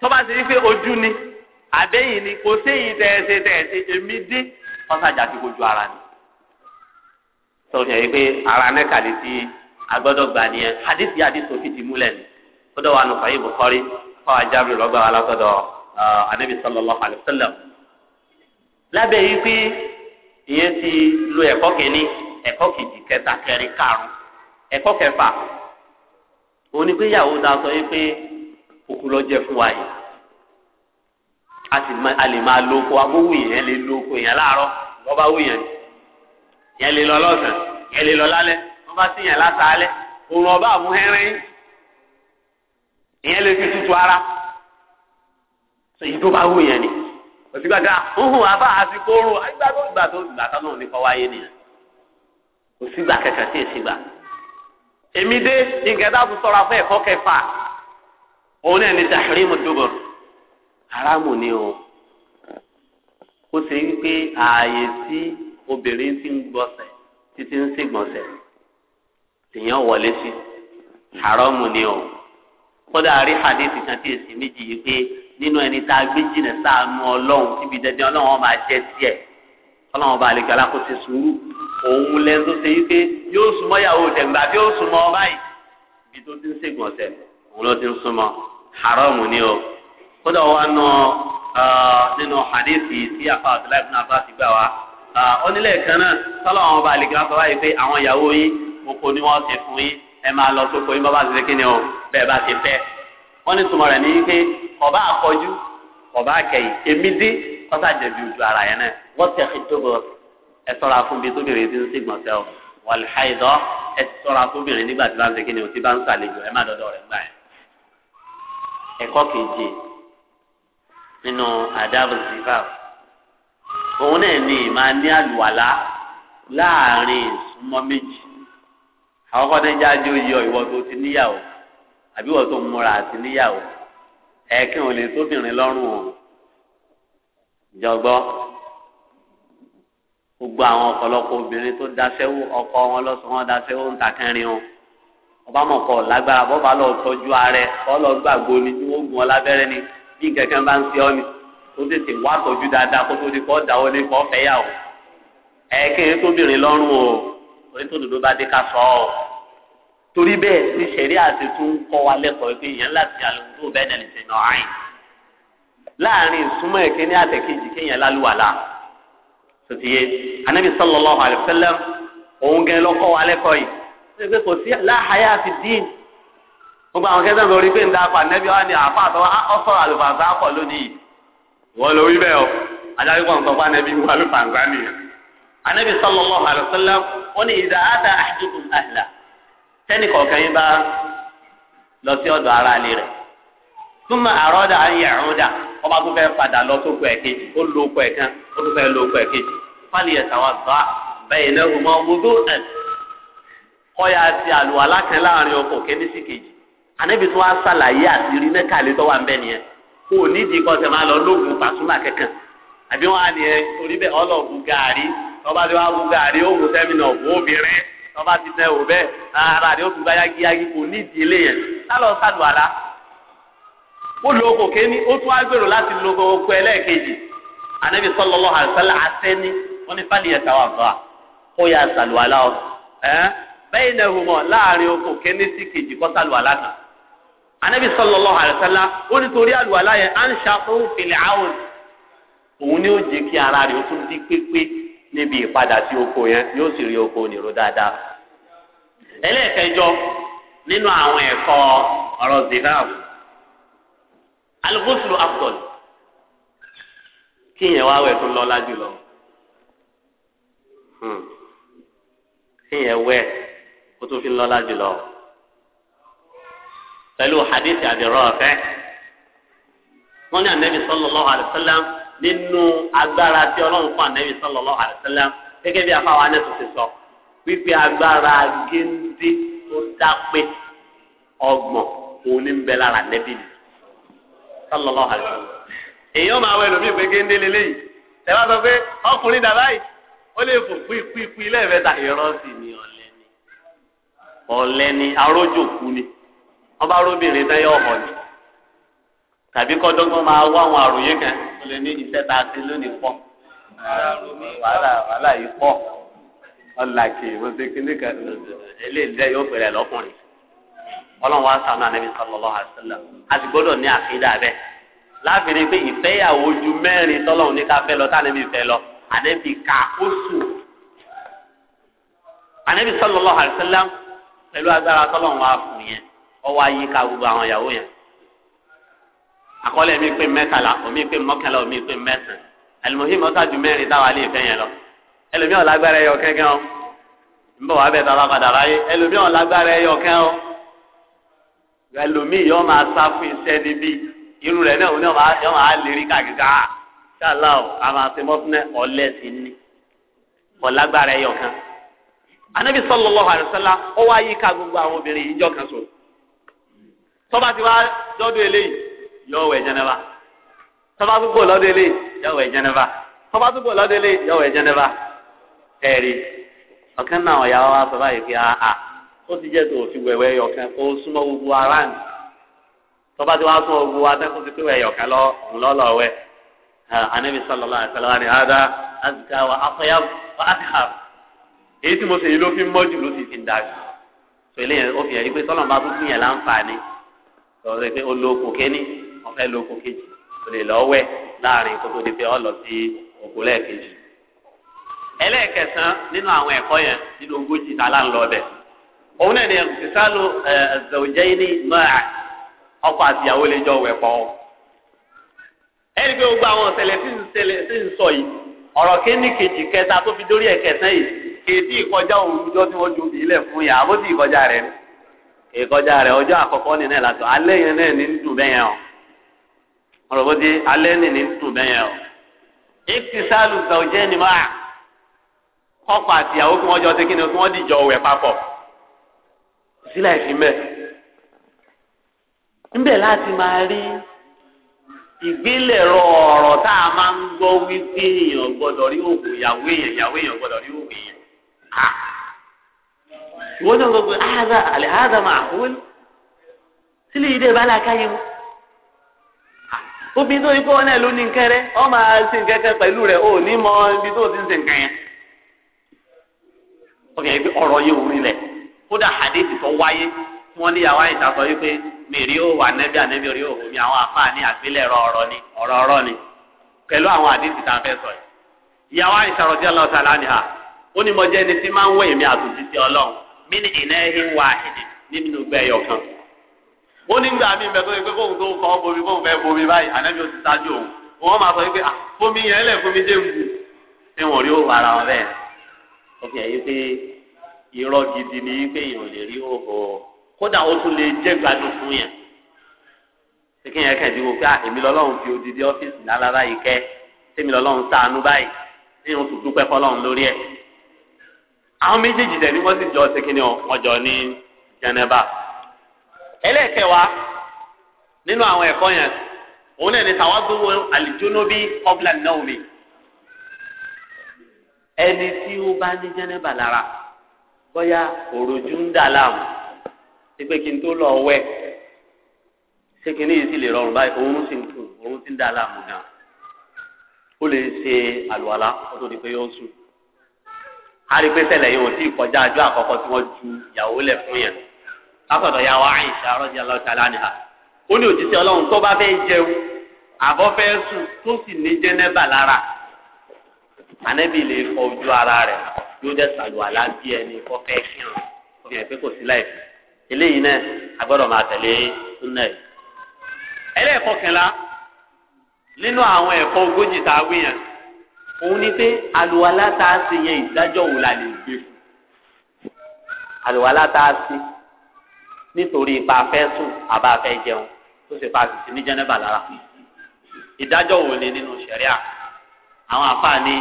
tó bá ti rí pé ojú ni àbẹ́yìn ni kò séyìn tẹ̀ẹ̀sẹ̀ tẹ̀ẹ̀sẹ̀ èmi dín ọ̀sàjà ti ara ni. sọ̀rọ̀ yẹ pé ara nẹ́kàlẹ́ ti agbọ́dọ̀ gbà nìyẹn hadith yà hadith òfin ti múlẹ̀ ni kódà wà nù fàyè Bukhari fáwọn ajábìrì lọ́gbà wà látọ̀dọ̀ anabi sallallahu alayhi wa sallam. lábẹ́ yìí pé ìyẹn ti lo ẹ̀kọ́ kìíní ẹ̀kọ́ kejì kẹta kẹrin karùn-ún ẹ̀kọ́ kẹfà onígbéyàwó ta sọ yìí pé òkú lọ jẹ fún wa yìí a lè máa lo oko agbówó yẹn lè lo oko yẹn láàárọ̀ wọ́n bá wù lè lọ lọ́sàn-án yẹn lè lọ lálẹ́ tó bá síyàn látàálẹ̀ òun ọba àmúhẹ́rẹ́ ìyẹn lè fi tutù ara èyí tó bá wù yẹn ni òsì gbàgbà ńhùn àbá àti kóró ìgbà tó gbà tó gbà tó náà nípa wáyé nìyẹn òsì gbà kẹkẹ sí èsì gbà èmi dé nǹkan tá sọra fún ẹ̀kọ́ kẹfà òun náà ní tahrimu dubur haramu ni o ó ṣe wípé ààyè tí obìnrin ti ń gbọ̀nsẹ̀ títí ń ṣègbọ̀nsẹ̀ tèèyàn wọlé sí haramu ni o kódà rí hadith kan tí èsì méjì yìí pé nínú ẹni tá a gbé jìnnà sáànù ọlọ́run síbi dandan ọlọ́run ọba jẹ́ tiẹ̀ ọlọ́run ọba àlejò alákòóso sùúrù òun lẹ́nu tó ṣe yìí pé yóò súnmọ́ yàwó dẹ̀gbà bí yóò súnmọ́ báyìí ibi tó ti ń ṣègùn ọ̀sẹ̀ òun ló ti ń súnmọ́ haramu ni o kódà wà nù nínú hadith yìí tí afa abdullahi ibn abbas gbà wá onílẹ̀ kan náà tọ́lọ́run oko ni wọ́n ṣe fún yín ẹ máa lọ sóko yín bọ́bá ṣe kíni o bẹ́ẹ̀ bá ṣe fẹ́ wọ́n ní túmọ̀ rẹ̀ ní pé ọba àkọjú ọba àkẹyìn èmi dé ọ̀sà jẹ̀bi ojú ara yẹn náà wọ́n tẹ̀ fi tó bọ̀ ẹ sọ́ra fún mi tóbìnrin ti ń sí gbọ̀nsẹ̀ o wàlúhàìdọ́ ẹ sọ́ra fóbìnrin nígbà tí bá ń ṣe kíni o tí bá ń ṣàlejò ẹ má dọ́dọ̀ rẹ̀ gbà yẹn. ẹ̀kọ́ kejì nínú àdáàbò zivá òun náà ní ìmáa ní àlùwàlá láàrin ìsúnmọ́ méjì àwọn kọ́ni jẹ́ ajé oyè ìwọ tó ti níyàwó àbí ìwọ tó múra àti níyàwó ẹ̀ẹ́kìn ò lè tóbìnrin lọ́rùn o jọgbọ́ gbogbo àwọn ọ̀pọ̀lọpọ̀ obìnrin tó daṣẹ́wó ọkọ wọn lọ́sọ̀ wọn daṣẹ́wó ń takẹ́rin o ọba mọ̀ lágbára bọ́ba lọ tọ́jú ààrẹ kọ́ lọ gbàgbọ́ ni tí wọ́n gún ọ lábẹ́rẹ́ ni bí kankan bá ń ṣe ọ́ ni tó tètè wá tọ́jú dáadáa kó tó di kọ́ dáwọ́ ní kọ́ fẹ́ yà o ẹ̀ẹ́kìn tóbìnrin lọ́rùn o orí tó dòdò bá dé ká sọ ọ torí bẹ́ẹ̀ ní sẹrí àti tún kọ́ wa lẹ́kọ̀ọ́ pé èèyàn láti alùpùpù bẹ́ẹ̀ dẹni sí náà àyìn láàrin ìsúnmọ́ ẹkẹ ní àtẹkẹjì kéèyàn lálùwàlà sòtìyẹ anabi sallallahu alaihi wasallam òun gẹ lọkọ wa lẹ́kọ̀ọ́ yìí ṣe pé kò sí láhàyà àti dín gbogbo àwọn kẹsàn-án lórí pé ń da apá wa ni àfa àtọwọ ọsọ ah, àlùfàǹsà pọ lónìí wọn lórí bẹ́ẹ̀ o adájọ́ kan sọ fún anabi anabi sallallahu alayhi wa sallam wọn ni ìdá ata ahadukum ahla tẹni kọ̀ọ̀kan yín bá lọ sí ọdọ ara ilé rẹ̀ túmọ̀ àrọ́dà ayé àrọ́dà ọba tó fẹ́ padà lọ tó kọ ẹ̀kejì ó lo kọ ẹ̀kan ó tó fẹ́ lo kọ ẹ̀kejì fali ẹ̀sàwà bá bẹ́ẹ̀ lẹ́hùn mọ́ gbogbo ẹ̀ kọ́ya ti àlùwàlá kan láàrin ọkọ̀ kẹ́ni sí kejì anabi tó wá sàlàyé àtìrí náà kàlẹ́ tó wà ń nìyẹn kò nídìí kọ́sẹ̀ máa lọ lóògùn pàṣúmà kankan àbí wọn á nìyẹn torí bẹ́ẹ̀ ọlọ́ọ̀gùn gàárì tọ́ba ti wá wú gàrí ó sẹ́mínà òkú obìnrin tọ́ba ti tẹ òbẹ́ ara rẹ̀ ó tún kò ní ìdílé yẹn sálọ sálù ó lo oko kéní ó tún agbèrò láti lo oko ẹlẹ́ẹ̀kejì anabi sallallahu alaihi wasallam wọn fàlìyẹ káwá kó yà ọ bẹ́ẹ̀ láàrin oko sí kejì kọ́ kan níbi ìpadà sí oko yẹn yóò sì rí oko nìró dáadáa. ẹlẹ́ẹ̀kẹjọ nínú àwọn ẹ̀kọ́ ọ̀rọ̀ zidab alugosulu abdul kí yẹn wá wẹ̀ tó lọ́lá jùlọ hmm. kí yẹn wẹ̀ kó tó fi lọ́lá jùlọ pẹ̀lú hadith Abi Rafi' wọ́n ní anabi sallallahu alaihi wasallam. nínú agbára tí ọlọ́run fún ànábì sallallahu alaihi gẹ́gẹ́ bí afáwọn anẹ́tò ti sọ wípé agbára géńdé tó dápé ọgbọ̀n òun ní ni sallallahu alaihi èèyàn máa wọ ẹlòmíì pé géńdé lélẹ́yìí ẹ wá sọ pé ọkùnrin dàbá yìí ó lè fò ni ọ̀lẹ́ ni ọ̀lẹ́ ni ni tàbí kọ́dọ́gbọ́n máa wá àwọn àròyé kan ó lè ní iṣẹ́ tá a ṣe lónìí pọ̀ wàhálà wàhálà yìí pọ̀ ọ̀làkì ìwọ́sẹ̀ kínní kan eléyìí yóò bẹ̀rẹ̀ lọ́kùnrin ọlọ́run wa sànú ànábi sallallahu alaihi wasallam a ti gbọ́dọ̀ ní àfihàn abẹ́ láàfin ni pé ìfẹ́yàwó ju mẹ́rin tọ́lọ́run ní ká fẹ́ lọ tánàbí fẹ́ lọ ànábi kà ó sùn ànábi sallallahu alaihi pẹ̀lú agbára tọ́lọ́run wa fún yẹn ọwọ́ ayé ká gbogbo àwọn ìyàwó yẹn akọlẹ mi pé mẹ́tàlá omi pé mọ́kànlá omi pé mẹ́sàn alimohi mọsájú mẹ́rin táwa lè fẹ yẹn lọ ẹlòmíọ lágbára ẹyọ kẹkẹ o nbọ wàá bẹ tàbá padà ráyé ẹlòmíọ lágbára ẹyọ kẹ o ẹlòmíì yọ máa sá fún iṣẹ́ níbí irú rẹ̀ náà ní yọ máa lérí kàkíkà ṣáàlà ah, o àmàṣemọ́sínẹ ọ̀lẹ́ sí ni ọ̀lágbára ẹyọ kan anabi sallallahu alaihi wasallam ó gbogbo àwọn obìnrin yìí yọ wẹ̀ jẹnẹba tọ́ba tó bò lọ́dọ̀ ilé wẹ̀ jẹnẹba tọ́ba tó wẹ̀ jẹnẹba ẹ̀rí náà ọ̀yà wa sọ báyìí pé àà ah, ah, ó ti jẹ́ tó fi wẹ̀wẹ̀ kó súnmọ́ gbogbo ara ti pé wẹ̀ lọ òun lọ́lọ́ wẹ̀ anabi sallallahu alaihi wasallam ni ada azka wa afya wa èyí tí mo ló fi ló sì fi ń ó fi bá wọ́n fẹ́ lọ kejì o lè lọ wẹ̀ láàrin kótó di pé ọ lọ sí ẹlẹ́ẹ̀kẹsàn nínú àwọn ẹ̀kọ́ yẹn nínú ogójì tá a lá ń lọ ọbẹ̀ òun náà ni ní máa ọkọ àtìyàwó lè jọ ẹni pé gbogbo àwọn ọ̀sẹ̀lẹ̀ yìí ọ̀rọ̀ kejì kẹta tó fi dórí ẹ̀kẹsán yìí ìkọjá tí wọ́n ju fún yà ìkọjá rẹ̀ ìkọjá rẹ̀ ọjọ́ àkọ́kọ́ nínú ẹ̀ látọ̀ alẹ́ yẹn náà ní dùn ọ̀rọ̀ bó ti alẹ́ nìní ń tún bẹ́yẹn o. ìkísàlù zàwùjẹ́ ni máa kọ́kọ́ àti ìyàwó kí wọ́n jọ ṣe kí ni kí wọ́n dìjọ wẹ̀ papọ̀ sílẹ̀ fi mẹ́. níbẹ̀ láti máa rí ìgbélẹ̀rọ ọ̀rọ̀ tá a máa ń gbọ́ wípé èèyàn gbọ́dọ̀ rí òògùn ìyàwó èèyàn ìyàwó èèyàn gbọ́dọ̀ rí òògùn èèyàn. ìwọ́n náà gbọ́dọ̀ ààdà àlẹ́ ààdà máa kú sílẹ̀ ìdè bá lákàyè wọn. obìnrin tó ní kó wọn ní nkẹrẹ ọ máa ṣe nkẹkẹ pẹ̀lú rẹ ò ní mọ ibi tó ti ń ṣe nkẹyẹ ọkàn yìí ọ̀rọ̀ yìí ò rí lẹ kódà hadithi tó wáyé wọn ní yàrá ìta sọ yìí pé ó wà nẹbí ànẹbí orí òhùn mi àwọn ní ọrọ ni ọ̀rọ̀ ọ̀rọ̀ ni pẹ̀lú àwọn hadithi tá a fẹ́ sọ yìí yàrá ìṣàrọ̀ tí ọlọ́ọ̀ta láni ha ó ní mo jẹ́ ẹni tí máa ń àtúntì mí ní wá ìdí ó nígbà míì mẹ́tọ́ yìí pé kóun tó fọ́ bomi kóun fẹ́ bomi báyìí ànábi ó ti ṣáájú òun wọ́n máa sọ yìí pé fomi ah, yẹn lẹ̀ fomi dé ń bu ṣé wọ́n rí òwò ara wọn bẹ́ẹ̀ ó fi hàn pé irọ́ gidi ni yìí pé èèyàn lè rí òwò kódà ó tún lè jẹ́ gbádùn fún yẹn ṣé kí yẹn kẹ́ẹ̀dínwó pé ah, èmi lọ́lọ́run fi odidi ọ́fíìsì lálára yìí kẹ́ tèmi lọ́lọ́run ṣàánú báyìí téèyàn tún dúpẹ́ fọlọ́run lórí ẹ̀ àwọn méjèèjì dẹ̀ ni wọ́n sì jọ ṣe kí ni ọjọ́ ní jẹnẹba ẹlẹ́ẹ̀kẹwàá nínú àwọn ẹ̀kọ́ yẹn òun náà ní tàwọn gbogbo àlìjóná bí ọ̀bùlà náà mi ẹni tí ó bá ní jẹ́nẹ́bà lára bóyá òròjú ń dà láàmú pé kí n tó lọ wẹ̀ ṣé kí ní yìí sì lè rọrùn báyìí òun sì ń kù òun sì ń dà láàmú gan ó lè ṣe àlùwàlá ó tó di pé yóò sùn a rí pé ṣẹlẹ̀ yìí ò tí ì kọjá ajọ́ àkọ́kọ́ tí wọ́n ju ìyàwó lẹ̀ fún yẹn látọ̀dọ̀ ya wa Aisha radiyallahu ta'ala anha ó ní òjíṣẹ́ ọlọ́run tó bá fẹ́ jẹun àbọ̀ fẹ́ sùn tó sì ní jẹ́nẹ́bà lára ànẹ́bì lè fọ ojú ara rẹ̀ yóò dẹ̀ sàlùwàlá bí ẹni kọ́ fẹ́ kírun ó fi hàn pé kò sí láìpẹ́ eléyìí náà agbọ́dọ̀ máa tẹ̀lé súnà yìí. ẹlẹ́ẹ̀kọkànlá nínú àwọn ẹ̀kọ́ ogójì tá a wí yẹn òun ni pé àlùwàlá tá a yẹn ìdájọ́ wò la lè gbé fún àlùwàlá tá a nítorí ipa afẹ́ sùn àbá afẹ́ jẹun tó sì pa àṣìṣe ní jẹ́nẹ́bà lára ìdájọ́ wo ni nínú ṣẹ̀ríà àwọn àfààní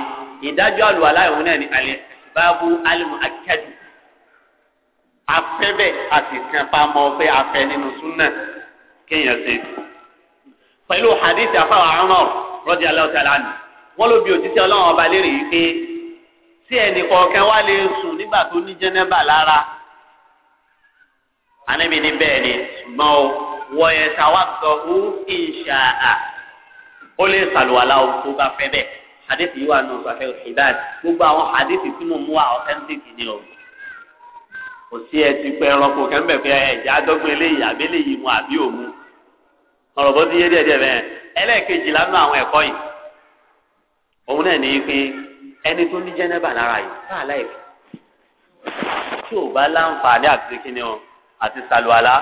ìdájọ́ àlùwàlá ìhun náà ní alẹ́ báàbù alimu akẹ́dù afẹ́bẹ̀ àti kẹfàmọ́ fẹ́ afẹ́ nínú súnà kéèyàn ṣe pẹ̀lú hadith afáwà Umar radiyallahu ta'ala anhu wọ́n ló bi òjíṣẹ́ ọlọ́run ọba léèrè yìí pé tí ẹnì kọ̀ọ̀kan wá lè sùn nígbà tó ní jẹ́nẹ́bà lára anabi ni bẹ́ẹ̀ ni ṣùgbọ́n o wọ̀nyẹ tàwa sọ hu ìṣà à ó lè sàlùwàlà o tó bá fẹ́ bẹ́ẹ̀ hadith yìí wà nù sàfẹ́ ìbáàd gbogbo àwọn hadith tí mo mú wa authentic ni o kò sí ẹ ti pẹ́ ẹranko kẹ́mbẹ̀ pé ẹ̀jẹ̀ adọ́gbọ́n eléyìí àbí eléyìí mu àbí òmu ọ̀rọ̀ bó ti yé díẹ̀ díẹ̀ bẹ́ẹ̀ ẹlẹ́ẹ̀kejì lánàá àwọn ẹ̀kọ́ yìí òun náà ní pé ẹni tó ní jẹ́nẹ́bà lára yìí káà láì tí ò bá láǹfààní àti kíni o àti saluala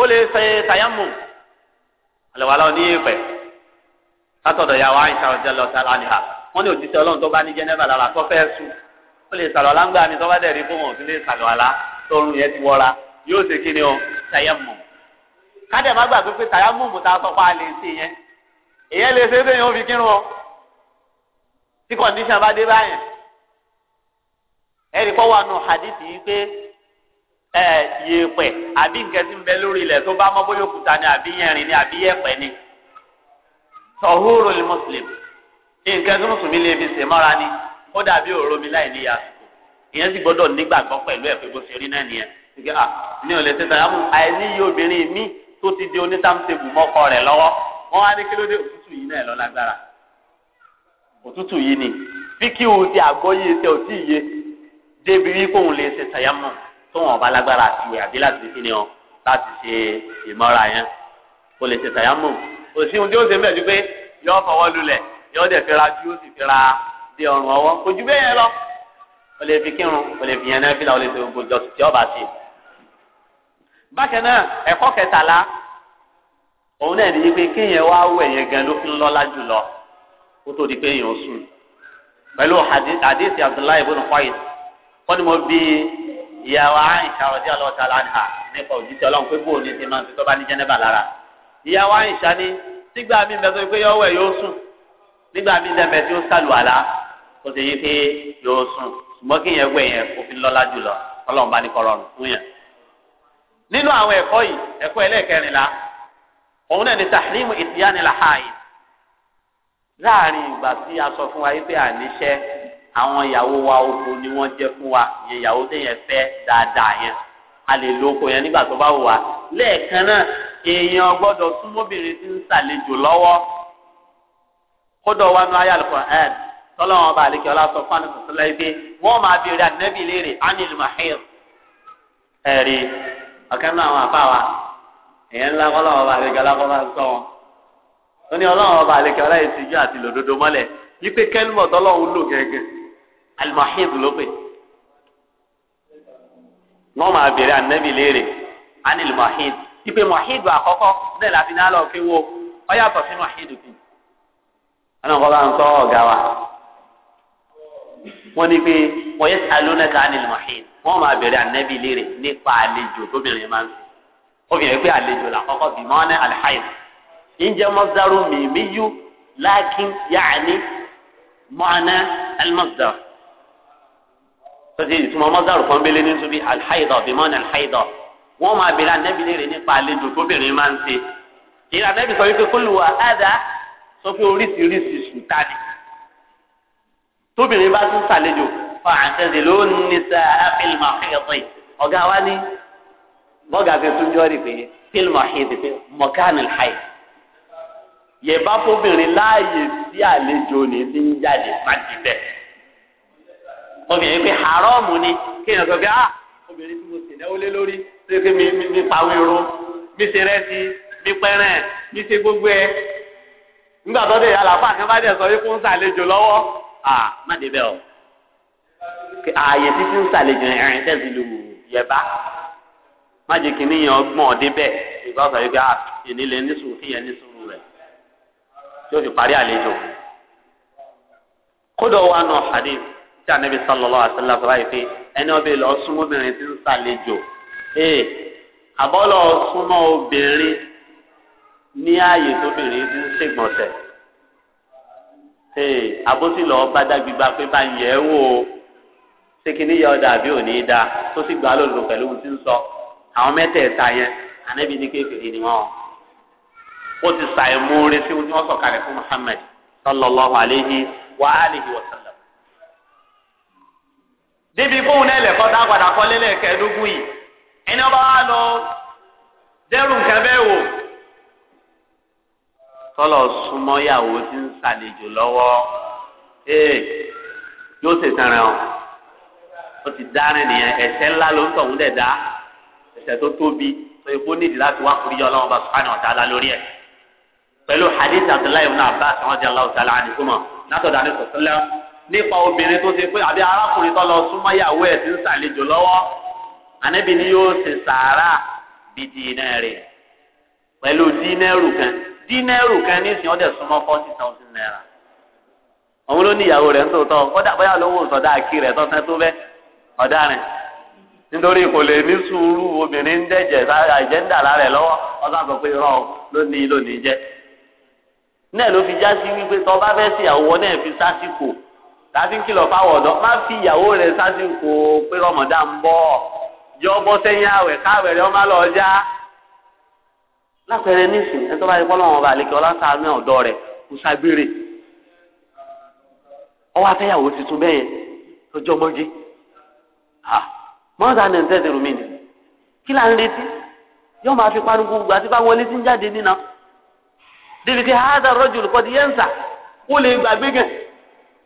ó lè ṣe tàyámù àlùwàlá òní ìpẹ́ látọ̀dọ̀ yàwó àyìnṣà ọ̀jẹ̀ lọ́sà lánìhà wọ́n ni òjíṣẹ́ ọlọ́run tó bá ní jẹ́nẹ́bà lára tó fẹ́ sùn ó lè sàlùwàlá ń gbà ní tó bá dẹ̀ rí fún wọn ò sí lè sàlùwàlá tóorun yẹn ti wọra yóò ṣe kí ni o tàyámù kádẹ̀ má gbàgbé pé tàyámù mùtá tọ́pá lè ṣe yẹn èyẹ lè ṣe é bẹ́ẹ̀ yẹn kírun o tí kọ̀ǹdíṣàn bá dé báyẹn ẹ̀rí kọ́ wà nù hadith yìí pé ẹ yèèpẹ̀ àbí nǹkan tí ń bẹ lórí ilẹ̀ tó bá mọ́ bóyá òkúta ni àbí yẹrin ni àbí yẹ̀pẹ̀ ni tọ̀húrò lè mùsùlùmí nǹkan tó mùsùlùmí lè fi sèmọ́ra ni ó dàbí òró mi láì níyà ìyẹn sì gbọ́dọ̀ nígbàgbọ́ pẹ̀lú ẹ̀ pé bó ṣe rí náà nìyẹn ṣùgbọ́n à ní ò lè ṣe tàyàmù àìníyí obìnrin mi tó ti di onítàmùtẹ̀bù mọ́kọ rẹ̀ lọ́wọ́ wọ́n á ní kí ló dé òtútù yìí náà lọ lágbára òtútù yìí ni fíkì ti àgbọ́yé iṣẹ́ òtí ìyé débi wípé òun lè ṣe tàyàmù tó wọn bá lágbára àti ìwé àbí láti fi ni ọ láti ṣe ìmọ̀ra yẹn kò lè ṣe tàyámù kò sí ohun tí ó ṣe mẹ́ẹ̀ ju pé yọ fọwọ́ lulẹ̀ yọ dẹ̀ fi ra ju ó sì fi ra dé ọrùn ọwọ́ kò ju bẹ́ẹ̀ yẹn lọ o lè fi kírun o lè fi yẹn náà fi la o lè fi gbogbo jọsìn tí ọba ṣe. bákan náà ẹ̀kọ́ kẹtàlá òun náà nìyí pé kéèyàn wá wẹ̀ yẹn gan ló fi ń lọ́lá jù lọ kó tó di pé èèyàn sùn pẹ̀lú hadith abdullahi ibn Qais wọ́n ìyàwó àyìnṣà ọdí ọlọ́ọ̀ta lánàá nípa òjíṣẹ́ ọlọ́run pé bóòní ti máa ń fi tọ́ bá ní jẹ́nẹ́bà lára ìyàwó àyìnṣà ni nígbà míì bẹ́ẹ̀ tó pé yọ wẹ̀ yóò sùn nígbà míì lẹ́mẹ̀ẹ́ tí ó sàlù àlá kó sì yí pé yóò sùn ṣùgbọ́n kí yẹn wẹ̀ yẹn òfin lọ́lá jùlọ ọlọ́run bá ní kọ́ rọrùn fún yẹn. nínú àwọn ẹ̀kọ́ yìí ẹ̀kọ́ ẹlẹ́ẹ̀kẹrìnlá àwọn ìyàwó wa oko ni wọ́n jẹ́ fún wa ìyẹn ìyàwó téèyàn fẹ́ dáadáa yẹn a lè lo oko yẹn nígbà tó bá wù wá lẹ́ẹ̀kan náà èèyàn gbọ́dọ̀ súnmọ́bìnrin tí ń ṣàlejò lọ́wọ́ kódọ̀ wa nu ayé àlùkò ẹ̀ tọ́lọ́wọ́n ọba àlekè ọlá sọ fún àdìsọ sọlá ibi wọ́n máa bèèrè ànẹ́bì léèrè anil mahir ẹ̀rí ọ̀kan náà àwọn àbá wa èèyàn ńlá kọ́lọ́wọ́n ọba àlekè ọlá kọ́lá sọ wọn ó ní ọlọ́wọ́n àlekè ọlá yìí ti jọ àti lòdodo yí pé kẹ́lùmọ̀ tọ́lọ́wọ́n lò gẹ́gẹ́ alimahid ló pè wọn máa bèrè anabi léèrè anil mahid ipe mahid àkọ́kọ́ náà láti ní alọ fi wo ọ yàtọ̀ sí mahid bi ọlọ́nkọ́ bá ń sọ ọ̀gá wa wọ́n ní pé wọ́n yẹ alónẹ́ka anil mahid wọ́n máa bèrè anabi léèrè nípa àlejò tóbìnrin máa ń sè obìnrin pé àlejò làkọ́kọ́ bí mọ́ọ́nì alhaid ìjẹ́ mọ́sálù mímíyú lákín yáàní mọ́ọ́nì almasdar sọsí ìtumọ̀ mọ́sálù kan bẹ́lẹ́ ní tóbi alhaidọ̀ bímọ́ ní alhaidọ̀ wọ́n máa bèrè anẹ́bí léèrè nípa àlejò tóbìnrin máa ń ṣe ìlànà anẹ́bí sọ wípé kó lu àádá sọ pé oríṣiríṣi ṣùtá ni tóbìnrin bá tún ṣàlejò fa àtẹ̀sẹ̀ ló ń ní sa fílmù àfẹ́yọ̀tọ̀ ọ̀gá wa ní bọ́gà fi tún jọ́ rí pé fílmù àfẹ́yọ̀tọ̀ mọ̀kánì láì yẹ fóbìnrin láàyè sí àlejò ní ti ń jáde má obìnrin pé haramu ni kéèyàn sọ pé ah obìnrin tí mo sì náwó lé lórí ṣé pé mi mi pawé irun mi ṣe rẹ́sì mi pẹ́rẹ́ mi ṣe gbogbo ẹ̀ nígbà tó dé àlàfà kan bá dẹ̀ sọ pé kó ń ṣàlejò lọ́wọ́ ah má débẹ̀ o ààyè títí ń ṣàlejò ẹ̀rìn tẹ̀sí lu yẹba má jẹ́ kí níyàn gbọ̀n débẹ̀ ìgbà sọ pé ah ìnílẹ̀ ní sùúrù kíyẹn ní sùúrù rẹ̀ tí ó fi parí àlejò kódà wà nù hadith tí anabi sallallahu alaihi wasallam sọ báyìí pé ẹni ọbẹ̀ lọ súnmọ́ obìnrin tí ń ṣàlejò ee àbọ̀lọ̀ súnmọ́ obìnrin ní ààyè tóbìnrin ti ń ṣègbọ̀nsẹ̀ ee àbótí lọ́ọ́ bá dá gbígbá pé bá ń yẹ̀ ẹ́ wò ó sekini yẹ ọdà àbí òní da tó sì gbà lòlò pẹ̀lú ohun tí ń sọ àwọn mẹ́tẹ̀ẹ̀ta yẹn ànábi ní kékeré ni wọn ó ti sàìmúre sí ohun tí wọ́n sọ kalẹ̀ fún Muhammad sallallahu alayhi wa alihi wa débi fóun náà lẹ́kọ́ tá a padà kọ́ lélẹ̀ kẹ́ẹ́dógún yìí ẹni ọba wa lọ dẹ́rù nǹkan bẹ́ẹ̀ wò tọ́lọ̀ súnmọ́ yàwó tí ń ṣàlejò lọ́wọ́ ee yóò ṣètàn rẹ̀ ọ́ ó ti dárin nìyẹn ẹ̀ṣẹ̀ ńlá ló ń tọ̀ ń dẹ̀ dá ẹ̀ṣẹ̀ tó tóbi tó epo nídìí láti wá kúrú yọ ọlọ́run bá sùpánì ọ̀tá la lórí ẹ̀ pẹ̀lú hadith abdullahi ibn abbas radiyallahu ta'ala anhuma látọ̀dọ̀ àdìsọ́sọ́lá nípa obìnrin tó ti pé àbí arákùnrin tó lọ súnmọ́ ìyàwó ẹ̀ ti ń sàlejò lọ́wọ́ ànábì ni yóò ṣe sàárà bíi pẹ̀lú dínẹ́rù kan dínẹ́rù kan ní ìsìn ọ̀dẹ̀ súnmọ́ ló ní ìyàwó rẹ̀ ń tòótọ́ kódà bóyá sọ̀dá àkí ọ̀daràn nítorí kò lè obìnrin ń dẹ̀jẹ̀ àjẹ́ńdà lọ́wọ́ ọ̀sán pé rọ̀ ló fi láti kìlọ̀ má fi ìyàwó rẹ̀ sásìkò pé rọmọdá ń bọ̀ yọ bọ́ sẹ́yìn àwẹ̀ káwẹ̀ rẹ̀ ọmọ lọ lápẹẹrẹ ẹ lọ́wọ́ ọba ọ̀dọ́ rẹ̀ kò ọwọ́ afẹ́yàwó tuntun lọ́jọ́ mọ́tà ní ẹ̀ tẹ́tẹ̀rù mi ni kí là ń retí yóò máa fi jáde débi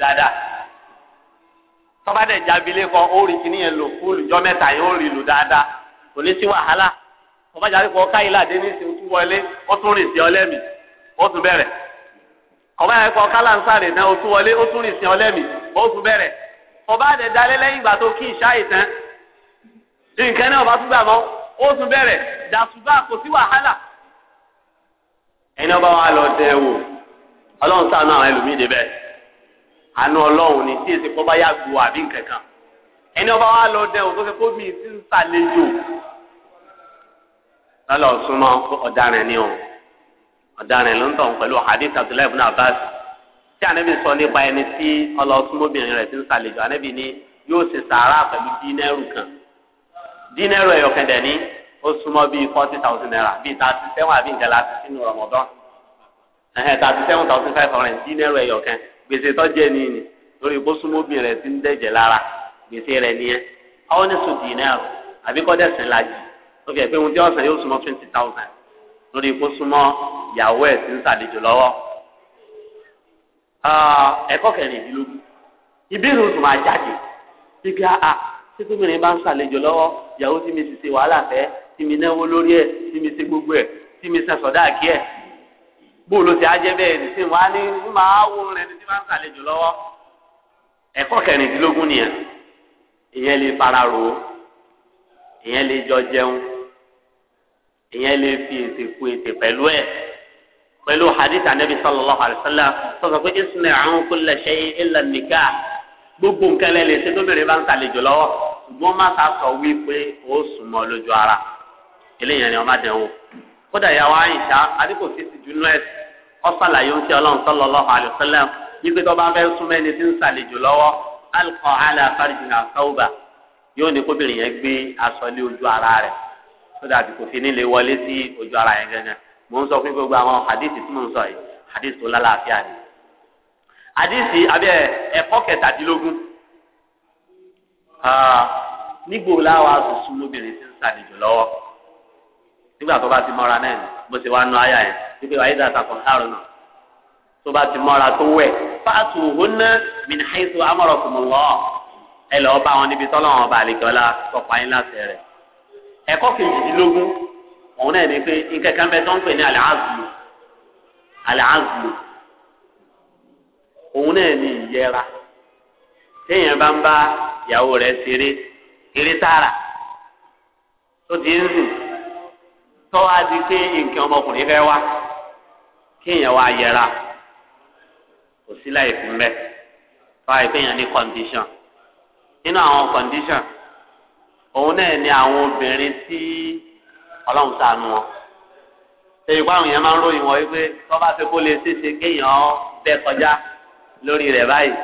dáadáa tọ́ba dẹ̀ jábílẹ̀ kan ó rí kíní yẹn lò fún olùjọ́ mẹ́ta yẹn ó rí lò dáadáa kò ní sí wàhálà tọ́ba jáde kan káyìí láde ní ìsìn tún wọlé ó tún rìn sí ọlẹ́mì ó tún bẹ̀rẹ̀ tọ́ba yẹn kan kálá ń sáré náà ó tún wọlé ó tún rìn sí ọlẹ́mì ó tún bẹ̀rẹ̀ tọ́ba dẹ̀ dalẹ́ lẹ́yìn ìgbà tó kí ìṣá ìtàn nǹkan náà ọba tún gbà mọ́ ó tún bẹ̀rẹ̀ àánú ọlọ́run ni tí èsì kọ́ba yá gbò àbí nkankan ẹni ọba wa lọ dẹ òkú kó mi ti ń sàlejò lọ́lọ́ súnmọ́ ọ̀daràn ni o ọ̀daràn ló ń tọ̀ pẹ̀lú hadith abdullahi ibn abbas tí anabi sọ nípa ẹni tí ọlọ́súnmọ́bìnrin rẹ̀ ti ń sàlejò anabi ni yóò ṣe sàárà pẹ̀lú dínẹ́rù kan dínẹ́rù ẹ̀yọ̀kẹ̀dẹ̀ ni ó súnmọ́ bíi forty thousand naira bíi thirty seven àbí nǹkan láti sínú rọmọdán ẹ̀hẹ̀ thirty seven thousand five hundred dínẹ́rù ẹ̀yọ̀kẹ̀dẹ̀ gbèsè tọ́jẹ́ ni ni lórí bósúmóbìn rẹ̀ ti ń dẹ̀jẹ̀ lára gbèsè rẹ̀ ní sùn àbí ó fi ohun tí yóò súnmọ́ twenty thousand lórí ìyàwó ẹ̀ ti ń sàlejò lọ́wọ́ ah, ẹ̀kọ́ kẹrìndínlógún ìbéèrè oṣù máa jáde ibi àá títóbìnrin bá ń sàlejò lọ́wọ́ ìyàwó tí mi ti ṣe wàhálà fẹ́ tí mi náwó lórí ẹ̀ tí mi ṣe gbogbo ẹ̀ bóòlù ti ajẹ́ bẹ́ẹ̀ ní sí wọn á ní wọn máa wo rẹ̀ ní tí wọ́n ń kàlejò lọ́wọ́ ẹ̀kọ́ kẹrìndínlógún nìyẹn ìyẹn lè fara ro ìyẹn lè jọ jẹun ìyẹn lè fi ètè ku ètè pẹ̀lú ẹ̀ pẹ̀lú hadith anabi sallallahu alayhi wa sallam sọ̀tọ̀ pé ìsúná àwọn kulla shay'in illa nikah gbogbo nǹkan lẹ́ lè ṣe tóbìnrin bá ń kàlejò lọ́wọ́ ṣùgbọ́n má ta sọ wípé ó sùnmọ́ lójú ara eléyìí ni wọ́n má dẹ̀ wò kódà ìyàwó àyìnṣá àdínkù sí ti dunu ẹ̀sì ọ̀sàlàyé ń ṣe ọlọ́run sallallahu alaihi wasallam yípe tó bá fẹ́ súnmọ́ ẹni tí ń sàlejò lọ́wọ́ alqa ala farjina thawba yóò ní kóbìnrin yẹn gbé aṣọ lé ojú ara rẹ̀ kódà àdínkù fi nílé wọlé sí ojú ara yẹn gẹ́gẹ́ mò ń sọ fún gbogbo àwọn hadith tí mò ń sọ yìí hadith tó lálàáfíà ni hadith abẹ́ ẹ̀kọ́ kẹtàdínlógún ah, nígbò láwa sùsùn lóbìnrin tí ń sàlejò lọ́wọ́ nígbà tó bá ti mọ́ra náà bó ti wá nu àyà yẹn wípé wàá ìdá àtàkùn àrùn náà tó bá ti mọ́ra tó wẹ̀ fáàtù òhúnná min haythu amarakumullah ẹ lọ́ọ́ bá wọn níbi tọ́lọ́ wọn bá àlejòọ́lá sọ̀pá yín láti rẹ̀ ẹ̀kọ́ kejìdínlógún òun náà ní pé nkẹ́kẹ́ bẹ́ẹ̀ tó ń pè ní àlàázùlù àlàázùlù òun náà ní ìyẹra téèyàn bá ń bá ìyàwó rẹ̀ ṣeré eré tààrà tó ti ń sìn tọ́wọ́ adi pé nǹkan ọmọkùnrin fẹ́ wá kéèyàn wá yẹra kò sí láì fi mbẹ́ tọ́wọ́ adi pé èèyàn ní condition nínú àwọn condition òun náà ni àwọn obìnrin tí ọlọ́run sànù wọn èyí pa àwọn èèyàn máa ń ròyìn wọn wípé tọ́ba ti kó lè ṣèṣe kéèyàn bẹ́ kọjá lórí rẹ̀ báyìí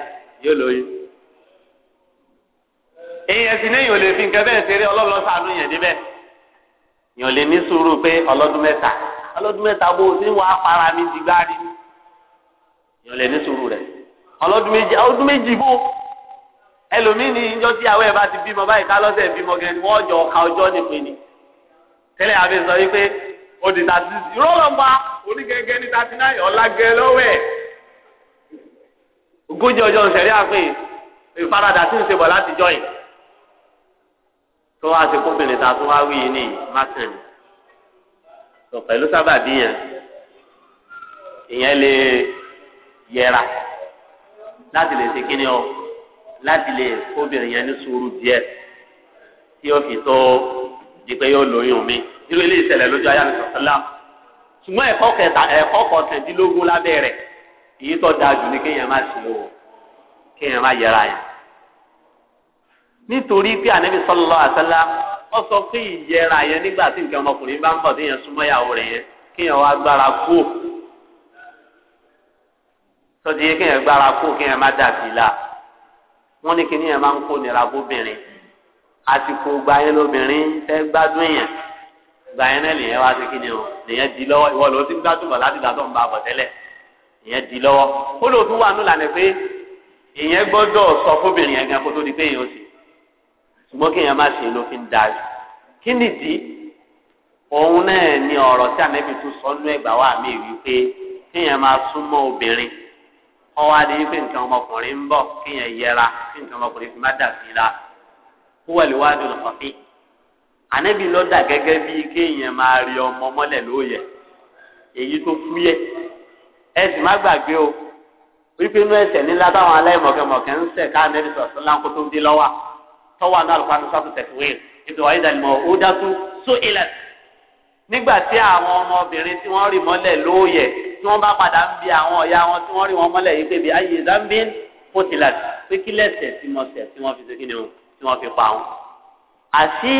yóò lóyún èèyàn sì ní ò lè fi nǹkan bẹ́ẹ̀ ṣeré ọlọ́run sànù yẹn níbẹ̀ yàn lè ní sùúrù pé ọlọ́dún mẹ́ta ọlọ́dún mẹ́ta bó o ti ń wá para mi ti gbá rí yàn lè ní sùúrù rẹ̀ ọlọ́dún méjì ọdún méjì bó ẹlòmíì ní ìjọ tí àwọn ẹ̀ bá ti bímọ báyìí ká lọ́sẹ̀ bímọ gẹ̀ wọ́n jọ ọ̀ka ọjọ́ nìpín ni tẹ́lẹ̀ àfi sọ wípé odi tàti rọ́lọ́mba onígẹ́gẹ́ ní tàti náà ọ̀làgẹ́ lọ́wọ́ ẹ̀ ogójì ọjọ́ ń àpè ìfaradà tí ń ṣe bọ̀ láti jọ yìí tó wá sí kóbìnrin ta tó wá wí yìí ní mákàn ni tó pẹ̀lú sábàbí yẹn ìyẹn lè yẹra láti lè ṣe kíni o láti lè kóbìnrin yẹn ní sùúrù díẹ̀ tí ó fi tó di pé yóò lóyún mi irú ilé ìṣẹ̀lẹ̀ lójú ayé àti sọ̀tọ́lá ṣùgbọ́n ẹ̀kọ́ kẹta ẹ̀kọ́ kọkàndínlógún lábẹ́ rẹ̀ èyí tó dáa jù ní kéèyàn má ṣe o kéèyàn má yẹra yẹn nítorí pé ànábì sọlọ àtàlà wọ́n sọ pé ìyẹra yẹn nígbà tí nǹkan ọmọkùnrin bá ń bọ̀ tí yẹn súnmọ́ ìyàwó rẹ̀ yẹn kéèyàn wá gbára kú sọdí yẹn kéèyàn gbára kú kéèyàn má dàbí la wọ́n ní kíní yẹn máa ń kó nira bóbìnrin àsìkò gba yẹn lóbìnrin fẹ́ gbádùn yẹn gba yẹn náà lèyẹn wá sí kíní o lèyẹn di lọ́wọ́ ìwọ ló ti gbádùn bọ̀ láti gbàtọ̀ bá bọ̀ tẹ́lẹ̀ lèyẹn di lọ́wọ́ ó lóòótọ́ wà nù lànà pé èèyàn ṣùgbọ́n kéèyàn má ṣe ló fi ń darí kí nìdí òun náà ni ọ̀rọ̀ tí ànábì tún sọ nínú ẹgbàá wà mí wípé kéèyàn máa súnmọ́ obìnrin kọ́ wá dé wípé nǹkan ọmọkùnrin ń bọ̀ kéèyàn yẹra kí nǹkan ọmọkùnrin fi má dà sí i la kó wà léwájú lọ́kàn fi ànábì ló dà gẹ́gẹ́ bí kéèyàn máa rí ọmọ mọ́lẹ̀ lóòyẹ̀ èyí tó fúyẹ́ ẹ sì má gbàgbé o wípé inú ẹsẹ̀ nílá táwọn aláìmọ̀kẹ́mọ̀kẹ́ ń sẹ̀ ká ànábì sọ̀tún tọ́wọ́ àná alùpàdé sọ́tù tẹ̀síwéèrè ìdò àyídàlímọ̀ ó dátú só ilẹ̀. nígbà tí àwọn ọmọbìnrin tí wọ́n rí mọ́lẹ̀ lóòyẹ̀ tí wọ́n bá padà ń bi àwọn ọ̀yà wọn tí wọ́n rí wọn mọ́lẹ̀ yìí pébi ayé zambin fòtìlà pé kí lẹ́sẹ̀ tí mo sẹ̀ tí wọ́n fi ṣe kí ni o tí wọ́n fi pa wọn. àti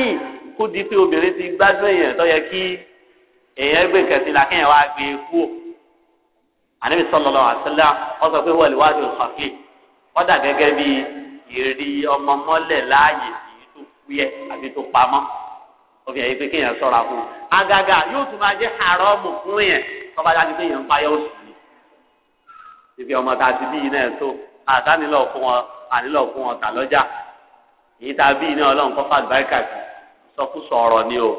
kó di pé obìnrin ti gbádùn èèyàn tó yẹ kí èèyàn gbé kẹsì la kéèyàn gbé e kú. àníbi sallallahu alaihi wasallam wọ́n sọ pé wọ́n lè wá ìrì ọmọ mọ́lẹ̀ láàyè sí tó fúyẹ́ àbí tó pamọ́ òfin ẹ̀yìn pé kéèyàn sọ̀ra fún un agaga yóò tún máa jẹ́ àrọ́ọ̀mù fún yẹn tọ́ba dájú pé èèyàn ń payọ́ òsì yìí ibi ọmọ tá a ti bí yìí náà tó àtànílọ̀ fún wọn ànílọ̀ fún wọn tà lọ́jà yìí tá a náà ọlọ́run kọ́ fàgbáríkà sí ìsọkúsọ ọ̀rọ̀ ni o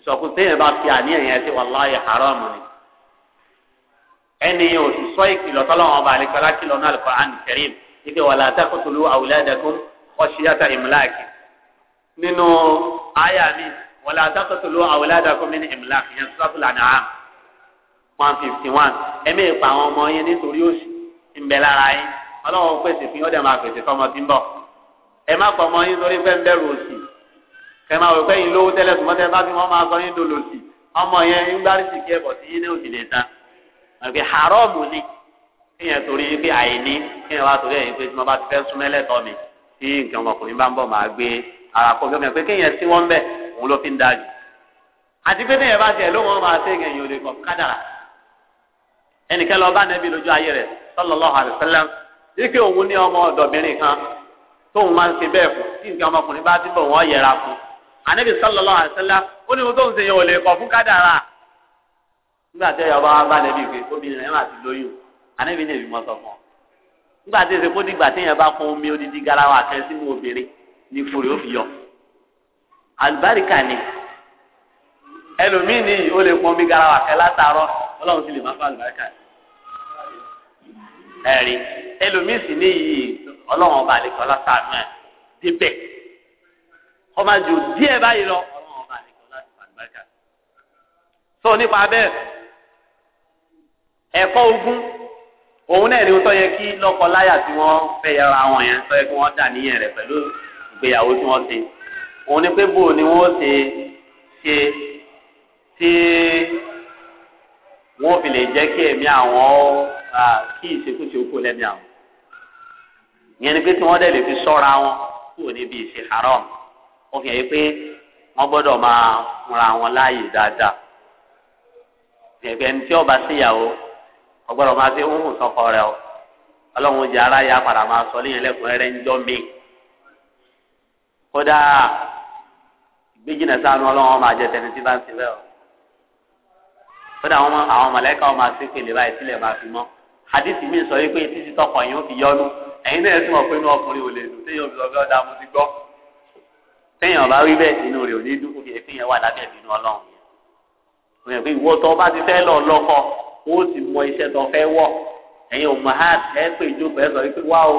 ìsọkúsọ téèyàn bá fi àníyàn yẹn sí wàláyé àrọ́ọ̀mù ni ẹni yẹn ò sì sọ ìkìlọ̀ tọ́lọ́wọ́n ìdí wàlá taqtulu awladakum khashyata imlaki nínú àyà mi wàlá taqtulu awladakum min imlaki yẹn suratul an'am one fifty one ẹ̀mí ìpa àwọn ọmọ yẹn nítorí òṣì ń bẹ lára yín ọlọ́run pèsè fún yín ó dẹ̀ máa pèsè fọmọ tí ń bọ̀ ẹ má pọ̀ ọmọ yín torí fẹ́ ń bẹ̀rù òṣì kẹ máa wò pé yín lówó tẹ́lẹ̀ tùmọ́ tẹ́lẹ̀ bá fi wọ́n máa sọ yín dolòṣì ọmọ yẹn ń gbárí sì kí ẹ̀bọ̀ sí yín ní òsì lè tán àgbẹ̀ haramu ni kíyàn torí pé àìní kíyàn wá torí ẹ̀yìn pé tí wọ́n bá ti fẹ́ súnmọ́ ẹlẹ́tọ́ mi tí nǹkan ọmọkùnrin bá ń bọ̀ máa gbé ara kọ́ gbẹ́gbẹ́ pé kíyàn sí wọ́n bẹ̀ òun ló fi ń da jù. àti pé téèyàn bá tiẹ̀ lóun máa ṣe èèyàn yòlè kọ̀ kádàrà ẹnìkan lọ bá nẹ́bí lójú ayé rẹ̀ sallallahu alaihi wasallam wípé òun ní ọmọ ọ̀dọ̀bìnrin kan tóun máa ń ṣe bẹ́ẹ̀ fún tí nǹkan ọmọkùnrin bá ti bọ̀ wọ́n yẹra fún ànẹ́bí sallallahu alaihi ó ní ohun tóun ṣe yẹn ò kọ̀ fún kádàrà nígbà tí ẹ̀yọ̀ bá nẹ́bí pé anábì ní èmi mọ sọ fún ọ nígbà tí èsè kó dìgbà téèyàn bá kún omi odidi garawa kan sínú obìnrin ní ìfòrè ó fi yọ àlùbáríkà ni ẹlòmíì ni ó lè pọn omi garawa kan látàárọ̀ Ọlọ́run sì lè má fún àlùbáríkà ẹrí ẹlòmíì sì ní iyì Ọlọ́run ọba àlekọ látàánú ẹ débẹ̀ ọmọ àjò díẹ̀ báyìí lọ Ọlọ́run ọba àlekọ láti fún àlùbáríkà nípa bẹ́ẹ̀ ẹ̀kọ́ ogún òun náà ni ó tọ́ yẹ kí lọ́kọ-láyà tí wọ́n fẹ́ yẹra wọn yẹn tọ́ yẹ kí wọ́n dà níyẹn rẹ̀ pẹ̀lú ìgbéyàwó tí wọ́n ṣe òun ni pé bò ni wọ́n ṣe ṣe tí wọ́n fi lè jẹ́ kí ẹ̀mí àwọn kí ìṣekúṣe kò lẹ́mí àwọn ìyẹn ni pé tí wọ́n dẹ̀ lè fi sọ́ra wọn kúrò níbi ìṣe haram wọ́n fi hàn yí pé wọ́n gbọ́dọ̀ máa ra wọn láàyè dáadáa ẹ̀gbẹ́ni tí ọba síyàwó ọgbọ́dọ̀ máa ṣe ń hùn sọ́kọ rẹ o ọlọ́run jẹ́ ara ya padà máa sọ léyìn lẹ́kùnrẹ́rẹ́ ń jọ mi kódà gbéjìnà sáànù ọlọ́run máa jẹ tẹni tí bá ń ṣe bẹ́ẹ̀ o kódà àwọn mọ̀lẹ́kà wọn máa ṣe pèlè báyìí sílẹ̀ máa fi mọ́ hadith mi sọ wípé títí tọkọ yìí ó fi yọnu ẹ̀yin náà sì mọ̀ pé inú ọkùnrin ò lè dùn téèyàn ò fi lọ́gbẹ́ ọ̀dà mo ti gbọ́ téèyàn ọba rí bẹ́ẹ̀ inú rẹ̀ ò ní dúkú kí èéfín yẹn wà lábẹ́ ó sì mọ iṣẹ́ tó fẹ́ wọ̀ ẹ̀yin ò mọ̀ á ẹ pé ìjókòó ẹ sọ wípé wá o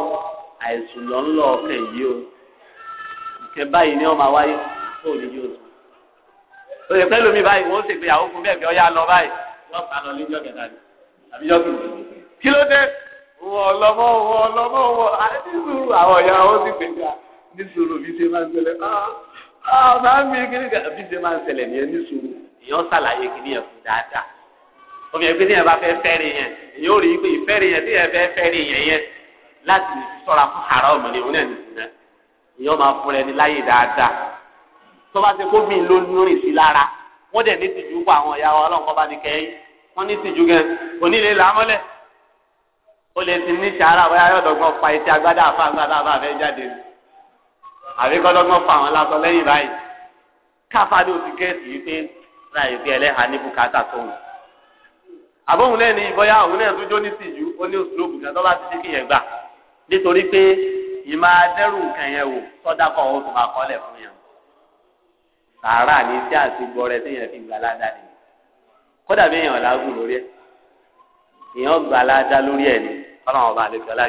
àìsùn lọ ń lọ ọkàn yìí o ìkẹ́ báyìí ni wọ́n máa wáyé tó ní yóò sùn. ó lè pẹ́ lómi báyìí wọ́n ó sì pé àwọn fún bẹ́ẹ̀ bí ọyá lọ báyìí wọ́n pa lọ lójú ọ̀kẹ́ta ni àbíjọ́ kì í. kí ló dé wọ́n ọlọ́mọ wọ́n ọlọ́mọ wọ́n àdísùrù àwọn ọ̀yà ó sì pè já ah, nísùrù bí ṣe máa ń ṣẹlẹ̀ ah, ah, máa ń mi kí ni bí ṣe máa ń ṣẹlẹ̀ nìyẹn nísùrù èèyàn ṣàlàyé kí ni ẹ̀ fún dáadáa obìnrin pé tíyẹn bá fẹ́ fẹ́rin yẹn èyí ó rí i pé ìfẹ́rin yẹn tíyẹn fẹ́ fẹ́rin yẹn yẹn láti sọ̀ra fún àrà ọ̀mọ̀lẹ́ òun náà ní ìsìn náà èyí ó máa fún ẹni láyè dáadáa tó bá ti kó mi ló ń rìn sí lára wọ́n dẹ̀ ní tìjú pa àwọn ìyá wa ọlọ́run bá ní kẹ́yìn wọ́n ní tìjú gan onílé làámọ́lẹ̀ ó lè ti ní sàárà bóyá yọ̀dọ̀gbọ́n pa etí agbádá àfa agbádá àfa àfẹ́ àbóhùn náà ní ìbọyá òun náà tó jó ní tìjú ó ní òṣùlóògùn kan tó bá ti ṣe kéèyàn gbà nítorí pé ìmọ̀ adẹ́rù nǹkan yẹn wò sọ́dá kọ́ ọ̀hún tó máa kọ́lẹ̀ fún yẹn sàárà fi gbà ládàá ni kódà bí èèyàn làágùn lórí ẹ̀ èèyàn gbà ládàá lórí ẹ̀ ni ọba àlejò ọlá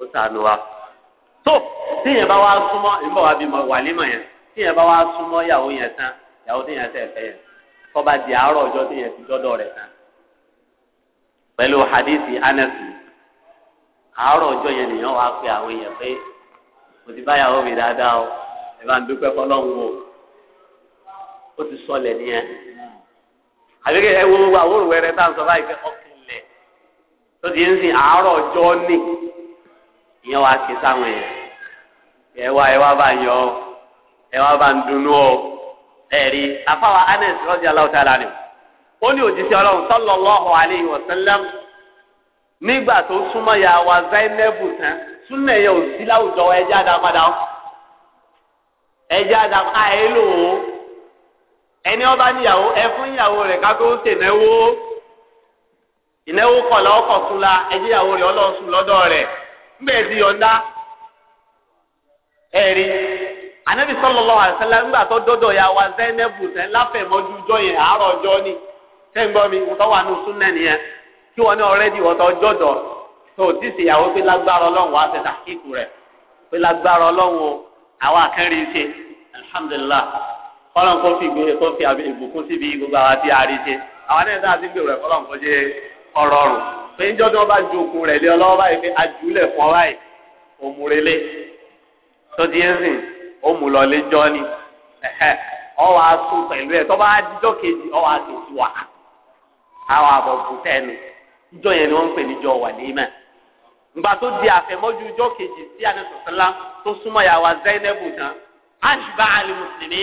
ó sànù wa bá wá súnmọ́ ìmọ̀ wa yẹn yẹn pẹ̀lú hadithi Anas àárọ̀ ọjọ́ yẹn nìyẹn wàá pe àwọn èèyàn pé mo ti báyàwó mi dáadáa o ẹ bá ń dúpẹ́ fọlọ́run o ó ti sọlẹ̀ nìyẹn àbíkẹ́ ẹ wo gbogbo àwòrán wẹrẹ tá à ń sọ báyìí pé ọkùnrin tó ti ń sìn àárọ̀ ọjọ́ nì ìyẹn wàá ké sáwọn èèyàn ẹ wá ẹ wá bá yọ ẹ wá bá ń dunnú o ẹ rí afáwa Anas rọ́jà láwùjọ àlànà. ó ní òjíṣẹ́ ọlọ́run sallallahu alayhi wa sallam nígbà tó súnmọ́ ya wa zainabu tán súnmọ́ ẹ̀yẹ ò láwùjọ wa ẹjẹ́ àdá padà ó ẹjẹ́ àdá àìlò ó ẹni ọba níyàwó ẹ fún ìyàwó rẹ̀ ká tó tè náwó ìnáwó kọ̀ọ̀lá ọkọ̀ túnla ẹjẹ́ ìyàwó rẹ̀ ọlọ́sùn ni. ṣé ń gbọ́ mi ń tọ́ wà ní oṣù náà nìyẹn kí wọ́n ní ọ̀rẹ́dì wọ́n tọ́ jọ̀dọ̀ tó o ti ṣe ìyàwó pé lágbára ọlọ́run wàá fẹsẹ̀ àkíkù rẹ̀ pé lágbára ọlọ́run àwọn akẹ́rin ṣe alhamdulillah ọlọ́run kò fi gbé kò fi ìbùkún síbi gbogbo àwọn àti àárín ṣe àwọn náà dáa sí gbèrò rẹ̀ ọlọ́run kò ṣe ọ̀rọ̀ rùn pé ń jọ́dún ọba ju okùn rẹ̀ lé ọlọ́wọ́ báyìí pé ajúlẹ̀ fún ọ báyìí òmùrẹ́lẹ̀ tó ti ń sìn òmùlọ́lé jọ́ ni ọwọ́ àtún pẹ̀lú ẹ̀ tọ́ bá dijọ́ kejì ọwọ́ àtún wàá àwọn àbọ̀bù tẹ́nu ìjọ yẹn ni wọ́n ń pè níjọ wàlímà ìgbà tó di àfẹ̀mọ́jú ìjọ kejì sí àdìsọ̀sọ́lá tó súnmọ́ yàwá Zainabu tán àṣìbá àlè mùsùlùmí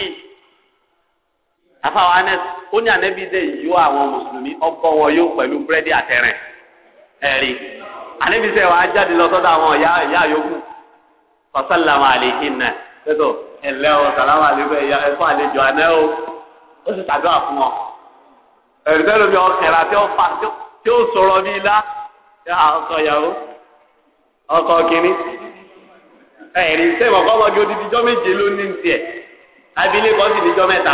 àfàwọn anẹ́s ó ní ànẹ́bí dé ìyó àwọn mùsùlùmí ọkọ wọn yóò pẹ̀lú búrẹ́dì àtẹ̀rẹ̀ ẹ̀rí ànẹ́bí sẹ́ wàá jáde lọ sọ́dọ̀ àwọn ìyá ìyá yòókù ẹ̀rùdẹ́rù mi ọ̀kẹ́ra tí ó fa tí ó sọ̀rọ̀ mi lá ọkọ ìyàwó ọkọ kìíní ẹ̀rí sẹ́wọ̀n kọ́ ọmọdé odidi jọ́ méje ló ní tiẹ̀ abilékọ sì ní jọ́ mẹ́ta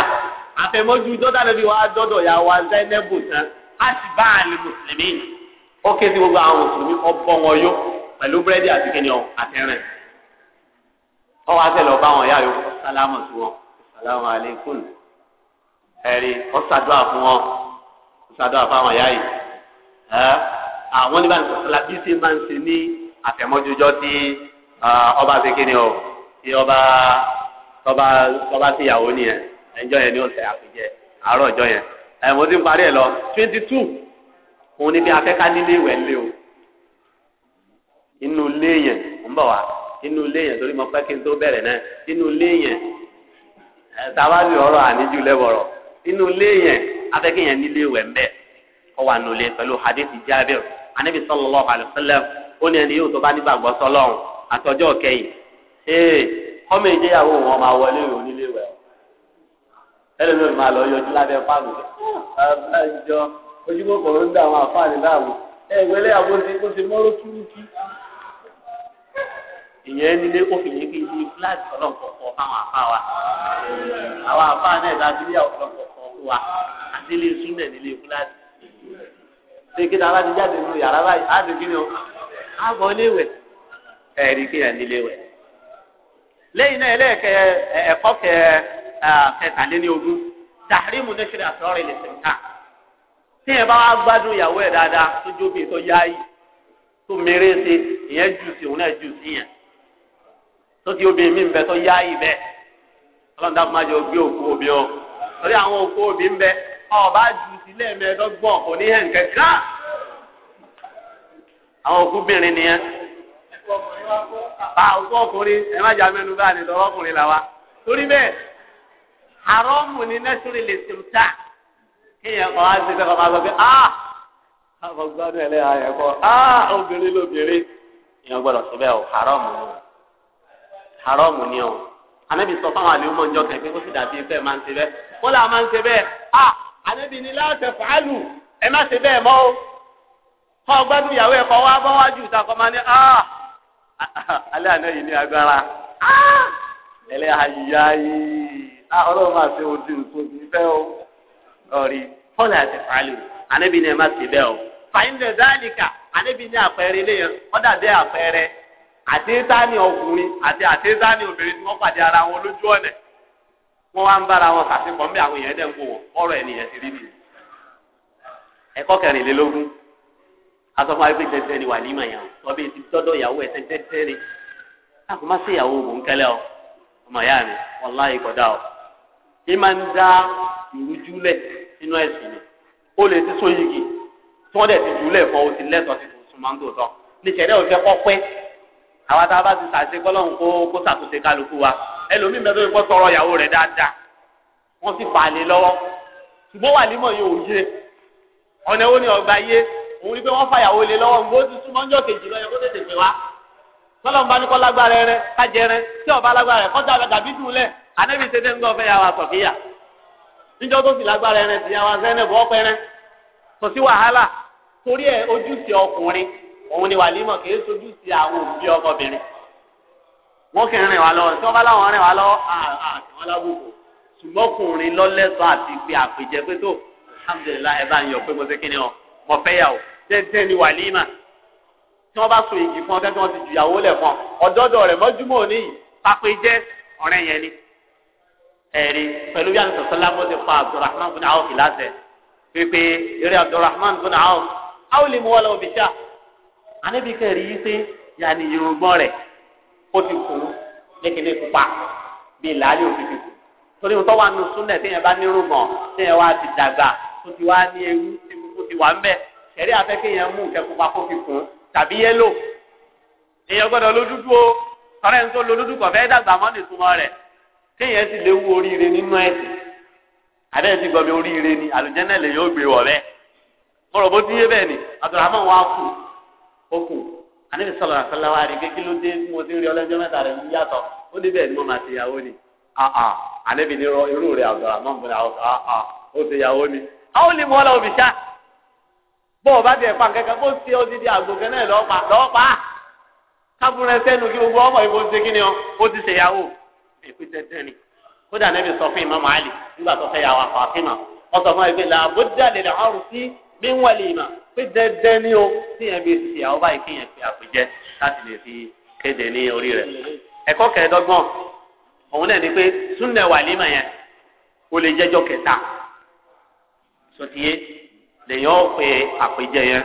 àfẹ̀mọ́jú dọ́tà lóbi wa dọ́dọ̀ ya wa zẹ́nẹ́bù tán á sì bá àlè mùsùlùmí ó ké sí gbogbo àwọn mùsùlùmí ọbọ̀ wọn yó pẹ̀lú búrẹ́dì àti kíni ọ àtẹ̀rẹ̀ ọwọ́ àtẹ̀lẹ̀ ọba wọn yá yòókù sálámù sí wọn sálámù alẹ́kùn ẹ̀rí ọ̀sàdúrà fún wọn. sàdúrà fáwọn ya yi ẹ àwọn nígbà tí sọsọlá bí ṣe máa ń ní tí ọba ṣe kíni o tí ọba tọba tọba yẹn yẹn ẹ mo ti parí ẹ lọ twenty two òun ni bí afẹ́ká nílé ìwẹ̀ lé o inú ilé yẹn ń bọ̀ wá inú ilé yẹn torí mo pẹ́ kí n tó bẹ̀rẹ̀ náà inú ilé yẹn ẹ àníjú inú ilé yẹn. afẹ́kẹ́yàn nílé wẹ̀ ń bẹ̀ kọ́ wà nulẹ̀ pẹ̀lú hadithi Jabir anabi sallallahu alayhi wa sallam ó ní ẹni yóò tó bá nígbàgbọ́ sọlọ́run àtọ́jọ́ kẹyìn ee ọmọ ìjẹyàwó wọn máa wọlé ìwé onílé wẹ̀ ẹlòmíràn máa lọ yọjú lábẹ́ fáàmù àbájọ ojúbọ kò ń dá àwọn àfáàní láàmú ẹgbẹlẹ àbóṣe kó ṣe mọ́rọ́ túrúkú ìyẹn nílé ó fi yé kí ní fúláàtì ọlọ́nkọ̀ọ̀kọ̀ fáwọn àfáà wa àwọn àfáà náà ìdájú ní àwọn ọlọ́nkọ̀ọ̀kọ̀ wa àti ilé súnlẹ̀ nílé fúláàtì. ṣé kí táwa ti jáde nínú yàrá báyìí á ti kí ni o á bọ̀ ilé wẹ̀ ẹ̀rí kí yàn nílé wẹ̀. lẹ́yìn náà ẹlẹ́ẹ̀kẹ́ ẹ̀kọ́ kẹ kẹtàlélógún tàrímù nẹ́sẹ̀rẹ̀ àtọ́rọ̀ ilẹ̀ sẹ̀ńtà. tí yẹn bá wá gbádùn ìyàwó ẹ̀ dáadáa tó jóbi tó yáyì tó mèrè ṣe ìyẹn jù sí òun náà jù sí yẹn tó ti obìnrin mi bẹ tó yáyì bẹ́ẹ̀ ọlọ́run dákun má jẹ́ ó òkú obìnrin orí àwọn òkú òbí ń bẹ ọba ju ilé mẹ́ẹ̀ẹ́dọ́gbọ̀n kò ní hẹn kẹkẹ àwọn òkúbìnrin nìyẹn bá òkú ọkùnrin ẹ má jà mẹ́nu bá nìtọ ọkùnrin là wa torí bẹ́ẹ̀ àrọmù ni nẹsùrì lè sèm tá kéèyàn kọ á ti fẹ kọ máa sọ pé ah àwọn gbádùn ẹ lẹ́yà ẹ̀ kọ́ ah! obìnrin lóbìnrin èèyàn gbọ́dọ̀ síbẹ̀ o àrọmù ni o àrọmù ni o anabi sọ fáwọn àlèémọ ńjọ kẹkẹ ó sì dàbí ìfẹ́ máa ń ṣe bẹ́ẹ̀ wọn là máa ń ṣe bẹ́ẹ̀ a anabi ni láti fàálù ẹ má ṣe bẹ́ẹ̀ mọ́ o kọ gbádùn ìyàwó ẹ kọ wá bọ wájú ìtakọ máa ní a alẹ́ àná yìí ní agbára ẹlẹ́ àyíyá yìí ọlọ́run máa ṣe ohun tí n tó o ọ̀rí kọ́lá àti fàálù anabi ni ẹ má ṣe bẹ́ẹ̀ o fàyín dẹ̀ dáàlì kà anabi ni àpẹẹrẹ ilé yẹn àpẹẹrẹ àtẹ́sání ọkùnrin àti àtẹ́sání obìnrin tí wọ́n pàdé ara wọn lójú ọ̀nà wọn wá ń bára wọn sàṣepọ̀ mbẹ́ àwọn èèyàn dẹ̀ ń kó ti rí kẹrìnlélógún ni wà ní ìmọ̀ bí ti ni káàkó má sí ìyàwó ọ ọmọ ìyá mi ọ. kí máa ń dá ìrújúlẹ̀ nínú ni ó lè ti tí ti àwa tá a bá ti sàṣe kọ́lọ́hún kó kó ṣàtúnṣe kálukú wa ẹlòmíì mẹ́tọ́ ìkọ́ tọrọ ìyàwó rẹ̀ dáadáa wọ́n sì fà á lé lọ́wọ́ ṣùgbọ́n wà nímọ̀ yìí ò ọ̀nà wo ni ọgbà yé òun ni pé wọ́n fàyàwó lé lọ́wọ́ nbó ti súnmọ́ ńjọ́ kejì lọ́yẹ kó tètè pè wá tọ́lọ́mù bá ní kọ́ lágbára rẹ kájẹ rẹ tí ọba lágbára rẹ kọ́jà rẹ tàbí òun ni wàlímọ̀ kì í sojú sí àwọn òbí ọmọbìnrin wọ́n kì í rìn wá lọ́wọ́ tí wọ́n bá láwọn rìn wá lọ́wọ́ àti wọ́n láwùjọ ṣùgbọ́n ọkùnrin lọ́lẹ́sọ̀ àti gbé àpèjẹ pé tó alhamdulilayi ẹ bá ń yọ pé mo ṣe kí ni ọ mo fẹ́ yà ó tẹ́tẹ́ ni wàlímọ̀ tí wọ́n bá so igi fún ọ tẹ́tẹ́ wọn ti ju ìyàwó lẹ̀ fún ọ ọ̀dọ́dọ̀ rẹ̀ mọ́júmọ́ òní yìí ọ̀rẹ́ yẹn ni ẹ̀rí pẹ̀lú bí àwọn sọ̀tọ́ lábọ́ ti pa Abdulrahman bin Awf láṣẹ pé pé eré Abdulrahman bin Awf wala bi anabi kan rí i yanni yorùbá rẹ ó ti kú lékele pupa bíi làálì òfin ti kú torí wọn tó wà nù súnlẹ téèyàn bá ní wá ti dàgbà ó ti wá ní ewu ó ti wà ń bẹ ẹrí afẹ kéèyàn mú nǹkan pupa kó fi kún tàbí yẹlò èèyàn gbọ́dọ̀ lójúdú o tọrẹ ń tó lójúdú kọfẹ dàgbà mọ nìtumọ̀ rẹ kéèyàn sì lè wú oríire nínú ti gbọ́ mi oríire ni yóò gbé wọ̀ ni ó kù sọlọ àfẹlẹ wa rí kékeré dé mo ti rí ọlọ́jọ́ mẹ́ta rẹ̀ ń yàtọ̀ ó ní bẹ́ẹ̀ ni mo máa ti yàwó ni irú rẹ̀ àgbàrá mọ́ ó ti yàwó ni. àwọn olè bọ́ ọ bá kẹ́kẹ́ kó ṣe odidi àgbòkẹ́ náà bí ń wọlé ìmọ̀ pé dandan ni o tí yẹn bí ti àwọn báyìí kí yẹn fi àpèjẹ láti lè fi kéde ní orí rẹ̀. ẹ̀kọ́ kẹẹ̀ẹ́dọ́gbọ̀n òun náà ni pé súnlẹ̀ wàlímà yẹn ó lè jẹ́jọ́ kẹta sotiye lèyàn pe àpèjẹ yẹn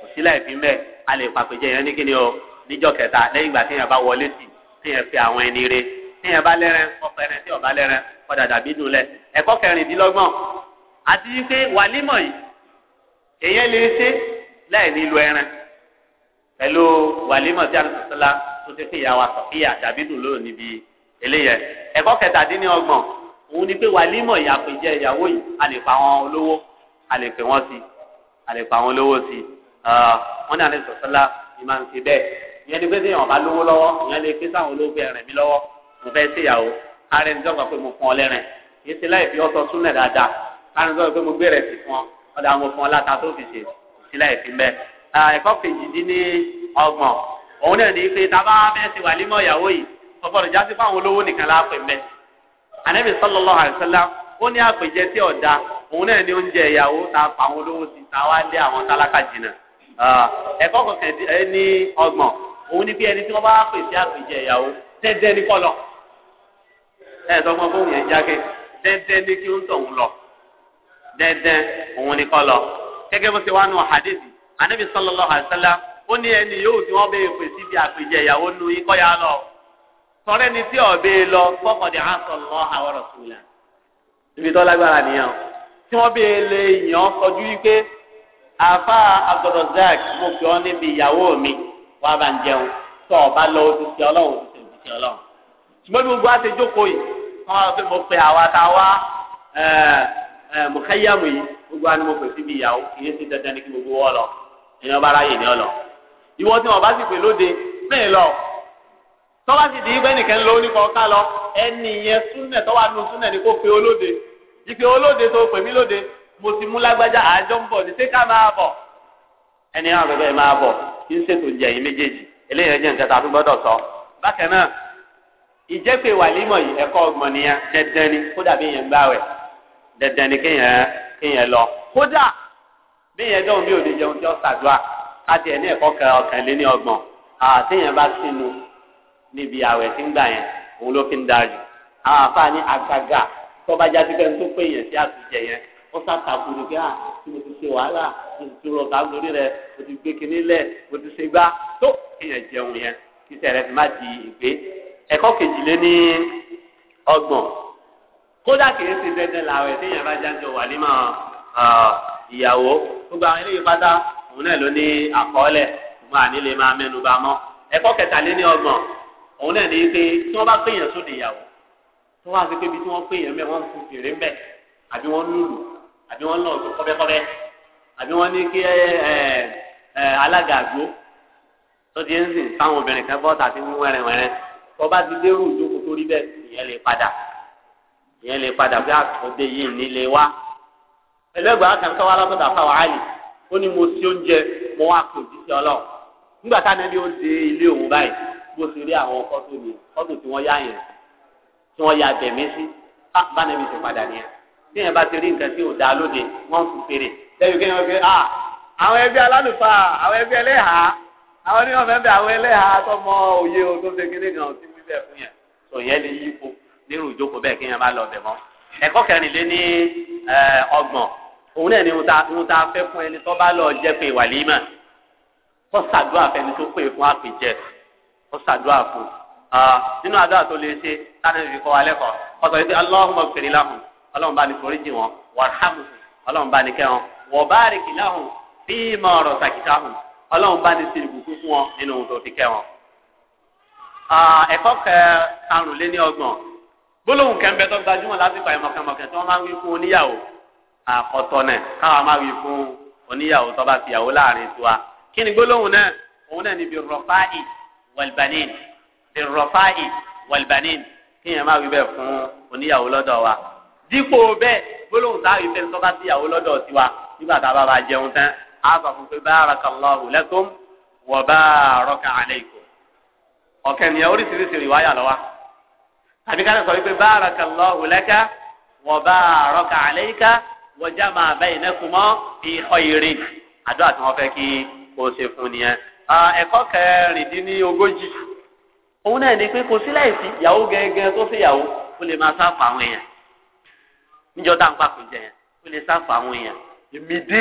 kò sí láì fi mẹ́ a lè pa àpèjẹ yẹn ní kíni o níjọ́ kẹta lẹ́yìn ìgbà téèyàn bá wọlé sí téèyàn fi àwọn ẹni re téèyàn bá lẹ́rìn ọ̀pẹ̀rẹ̀ tí ọ̀bá lẹ́rìn ọ̀dàdàbí dùn lẹ̀ ẹ̀kọ́ kẹrìndínlọ́gbọ̀n àti èèyàn lè ṣe láì nílò ẹran pẹ̀lú wàlímọ̀ tí a ń sọ́sọ́lá tó ti fi ìyàwó àsọ̀kíyà tàbí dùló níbi eléyẹ ẹ̀kọ́ kẹtàdínlọ́gbọ̀n òun ni pé wàlímọ̀ ìyàpèjẹ ìyàwó yìí a lè pa àwọn olówó a lè pè wọ́n sí a lè pa àwọn olówó sí ah, wọ́n ní àná sọ̀sọ́lá ni máa ń ṣe bẹ́ẹ̀ ìyẹn ni pé tí èèyàn bá lówó lọ́wọ́ ìyẹn lè ké sáwọn olówó ẹ̀rìn mi lọ́wọ́ mo fẹ́ ṣe ìyàwó arẹnudọ́gba pé mo fún ọ lẹ́rìn kì í ṣe láì fi ọ́ sọ súnlẹ̀ dáadáa arẹnudọ́gba pé mo gbé rẹ̀ sí fún ọ ọ̀dà àwọn òfin ọláta tó fi ṣe sílẹ̀ ìfín bẹ́ẹ̀. ẹ̀kọ́ kejì dín ní ọgbọ̀n òun náà ní pé tábà bẹ́ẹ̀ ti wà límọ̀ ìyàwó yìí ọgbọ́dọ̀ já sí fáwọn olówó nìkan láàpẹ̀ mẹ́. ànábì sallallahu alaihi wasallam ó ní àpèjẹ tí ọ̀dà òun náà ní oúnjẹ ìyàwó ta fáwọn olówó ti ta wá lé àwọn tálákà jìnnà. ẹ̀kọ́ kọ̀ọ̀kan ní ọgbọ̀n òun ní bí ẹni tí wọ́n bá pèsè àpèjẹ ìyàwó dẹ́dẹ́ ní kọ́ lọ. ẹ̀ sọ́gbọ́n fóun yẹn jákè dẹ́dẹ́ ní kí ó ń tọ̀hún lọ. dẹ́dẹ́ òun ni kọ́ lọ. gẹ́gẹ́ bó ṣe wá nù hadithi anabi sallallahu o ni ó ní ẹni yóò tí wọ́n bẹ̀rẹ̀ pèsè àpèjẹ ìyàwó nu ikọ́ ya lọ. sọ̀rọ̀ ẹni tí ọ̀bẹ lọ fọkàndé asọ̀lọ́ ibi lágbára tí wọ́n wípé àfa mo fi níbi ìyàwó mi bá ń jẹun tó ọba lọ ọlọ́run ọlọ́run. ṣùgbọ́n àti jókòó yìí wọ́n mo pe àwa mùkáyàmù yìí gbogbo àwọn ọmọ pèsè bíi ìyàwó kì í ṣe dandan ní kí gbogbo wọn lọ ìyẹn ọba aráyè ni ọ lọ ìwọ tí wọn bá sì pè lóde mẹ́ẹ̀ lọ tọ́wá sì di ibẹ̀ nìkan lọ nípa ọ̀ká lọ ẹni yẹn súnẹ̀ tọ́wá nu súnẹ̀ ni kò pe olóde ìpè olóde tó pè mí lóde mo ti mú lágbájá àjọ ń bọ̀ ní ṣé máa bọ̀ ẹni àwọn bẹ̀bẹ̀ máa bọ̀ kí n ṣètò dandan ni kéèyàn kéèyàn lọ kódà béèyàn dọ̀hún bí òde jẹun tí ó ṣàdúrà káti ẹ̀ ní ẹ̀kọ́ kan ọ̀kan lé ní ọgbọ̀n àtẹ̀yìn bá sínú níbi ààwẹ̀ tí ń gbà yẹn òun ló fi ń darí àwọn àfààní àgàgà tó bá jáde pé ń tó pé yẹn sí àtúnjẹ yẹn ó sàtàkù ní pé à mo ti ṣe wàhálà mo ti rọ ká lórí rẹ mo ti gbé kinní lẹ mo ti ṣe gbá tó kéèyàn jẹun yẹn kí sẹ̀rẹ̀ fi má di ìgbé ẹ̀kọ́ kejì lé ní ọgbọ̀n kódà kìí ṣe dandan làwọn ẹ̀ téèyàn bá jáde wàlímà ìyàwó gbogbo àwọn eléyìí pátá òun náà ló ní àkọọ́lẹ̀ ṣùgbọ́n àní lè máa mẹ́nu bá mọ́ ẹ̀kọ́ kẹtàléní ọgbọ̀n òun náà ní pé tí wọ́n bá péyàn sóde ìyàwó tó wá sí pé tí wọ́n péyàn mẹ́ wọ́n ń fún fèrè ń àbí wọ́n lùlù àbí wọ́n lọ́ọ̀dún kọ́bẹ́kọ́bẹ́ àbí wọ́n ní kí alága àgbo tó ti ń sìn táwọn obìnrin kan bọ́ tàbí wẹ́rẹ̀wẹ́rẹ́ tó bá ti dérú ìjókòó tó bẹ́ẹ̀ ìyẹn lè padà ìyẹn lè padà bí àtúndé yìí nílé wa ẹlẹgbàá kan sọ wà lọ́sọ̀dọ̀ àfàwọ̀ àlì ó ní mo sí oúnjẹ mo wá pè òjíṣẹ́ ọlọ́run nígbà táwọn ẹbí ó dé ilé òun báyìí bó ṣe rí àwọn fọ́tò ni fọ́tò tí wọ́n yá yẹn tí wọ́n ya bẹ̀mí sí báwọn ẹbí ṣe padà nìyẹn tí yẹn bá ti rí nǹkan tí ò dáa lóde wọ́n ń fún fèrè lẹ́yìn kí wọ́n fi ah àwọn ẹbí alálùfáà àwọn ẹbí ẹlẹ́hàá àwọn oníwọ̀n fẹ́ bẹ àwọn ẹlẹ́hàá tọmọ òye o tó ṣe kíní kan ò sí wíbẹ̀ fún yẹn sọ yẹn lè yí ipò nírú ìjókòó bẹ́ẹ̀ kéèyàn má lọ ọbẹ̀ mọ́ ẹ̀kọ́ kẹrin lé ní ọgbọ̀n òun náà ni ohun tá a fẹ́ fún ẹni tó bá lọ jẹ́ pé wàlímà kó ṣàdúrà fẹ́ni tó pè fún àpèjẹ kó ṣàdúrà fún nínú àdúrà tó lè ṣe tánàbí fi kọ́ wa lẹ́kọ̀ọ́ ọ̀sọ̀ yìí pé Allahumma ighfir lahum ọlọ́run bá ní foríjì wọn warhamhum ọlọ́run bá ní kẹ́ wọn bá ní sinmi kúkú gbólóhùn kẹ́ńbẹ́ tó gbajúmọ̀ lásìkò àìmọ̀kẹ́mọ̀kẹ́ tí wọ́n máa ń wí fún oníyàwó àkọ́tọ̀ náà káwa máa wí fún oníyàwó tó bá fìyàwó láàrin tiwa kí ni gbólóhùn náà òun náà ni birrọfáì wàlbanin birrọfáì wàlbanin kí yẹn máa wí bẹ́ẹ̀ fún oníyàwó lọ́dọ̀ wa dípò bẹ́ẹ̀ gbólóhùn táà wí fẹ́ni tó bá fìyàwó lọ́dọ̀ tiwa nígbà tá a bá bá jẹun tán á sọ fún pé bárakallahu lakum wa àbí ká lè sọ wípé barakallahu laka wa baraka alayka wa jama'a baynakuma fi khairin àdúrà tí wọ́n fẹ́ kí o ṣe fún nìyẹn. ẹ̀kọ́ kẹrìndínlógójì òun náà ni pé kò sí láìsí ìyàwó gẹ́gẹ́ tó ṣe ìyàwó ó lè máa sáfà àwọn èèyàn níjọ́ tá à ń pàkó jẹ yẹn ó lè sáfà àwọn èèyàn èmi dé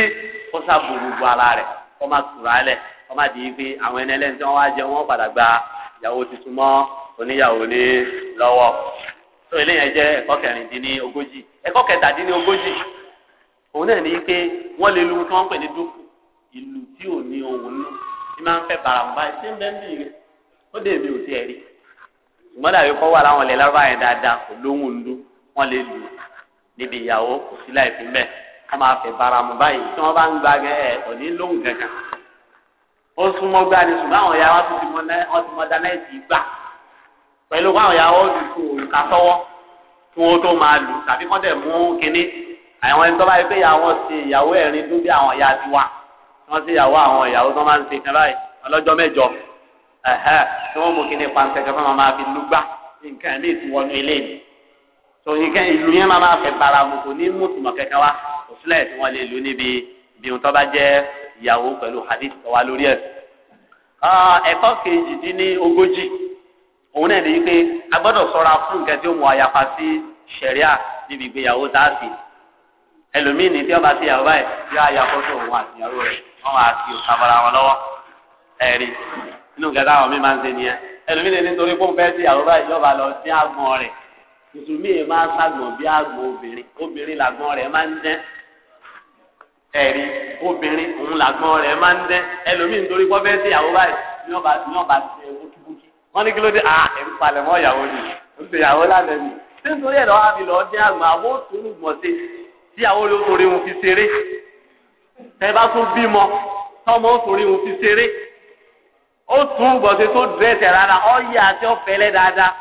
kó sábò gbogbo ara rẹ̀ kó má tùrọ̀ alẹ̀ kó má di pé àwọn ẹni ẹlẹ́ni tí wọ́n wá jẹ wọ́n padà gba ìyàwó tuntun mọ́ oníyàwó lé lọ́wọ́ tó eléyẹn jẹ́ ẹ̀kọ́ kẹrìndínlẹ́ ogójì ẹ̀kọ́ kẹtàdínlẹ́ ogójì òun náà ní pé wọ́n lè lu tí wọ́n pè ní dúkù ìlú tí ò ní ohun nù tí máa ń fẹ́ bàràmbá ṣé ń bẹ́ẹ̀ bì rẹ̀ ó dé mi ò sí ẹ̀rí ṣùgbọ́n dàbí kọ́ wà láwọn ilẹ̀ lárúbá yẹn dáadáa kò lóhùn ń dún wọ́n lè lù níbi ìyàwó kò sí láì fi mẹ́ẹ̀ wọ́n máa fẹ́ bàràmbá yìí tí wọ́n bá ń gbàgẹ́ ẹ̀ òní lóhùn kankan ó súnmọ́ gbá ni ṣùgbọ́n àwọn ìyá wa tún ti mọ náà wọ́n ti mọ dámẹ́ẹ̀tì gbà pẹ̀lú àwọn ìyá wa ó ti kó òrùka sọ́wọ́ kí wọ́n tó máa lù tàbí kọ́ dẹ̀ mú kinní àwọn ẹni tó bá yẹ pé ìyàwó ṣe ìyàwó ẹ̀rin dún bí àwọn ìyá ti wà wọ́n ṣe ìyàwó àwọn ìyàwó tó máa ń ṣe kan báyìí ọlọ́jọ́ mẹ́jọ tí wọ́n mú kinní pàǹtẹ̀ kan fún máa fi lúgbà nǹkan ẹ̀mí ti wọnú ilé ni tòyìn kẹ́ ìlú yẹn máa máa fẹ́ baramu kò ní mú tùmọ̀ kẹ́kẹ́ ìyàwó pẹ̀lú hadith tó wà lórí ẹ̀. ẹ̀kọ́ kejì dín ní ogójì òun náà ní pé a gbọ́dọ̀ sọ́ra fún nǹkan tí ó mú àyàfa sí ṣẹ̀ríà níbi ìgbéyàwó tá a sì ẹlòmíì ní tí wọ́n bá ti yàwó báyìí yóò àyàfọ́ tó òun àti ìyàwó rẹ̀ wọ́n máa fi òkàbọ̀ra wọn lọ́wọ́ ẹ̀rí inú nǹkan táwọn mi máa ń ṣe nìyẹn ẹlòmíì ní nítorí pé ó ń fẹ́ báyìí yóò lọ sí àgbọn rẹ̀ mùsùlùmí ẹ̀rí obìnrin òun làgbọ́n rẹ̀ máa ń dẹ́ ẹlòmíì nítorí pọ́ fẹ́ẹ́ sí ìyàwó báyìí ní ọba ní ọba ṣe bókíbókí wọ́n ní kí ló dé à ah, ẹ̀rú palẹ̀ mọ́ ìyàwó ni ń ṣe ìyàwó lálẹ́ mi ṣé nítorí ẹ̀rọ àbí lọ́ọ́ dé àgbà àwọn òṣèlú gbọ̀n ṣe tí àwọn olóṣòrí wọn fi ṣeré tẹ bá tún bímọ tọmọ òṣòrí wọn fi ṣeré ó tún gbọ̀n ṣe tó dẹ́ẹ̀tẹ̀ rárá ọ yẹ àti ọ̀fẹ́lẹ́ dáadáa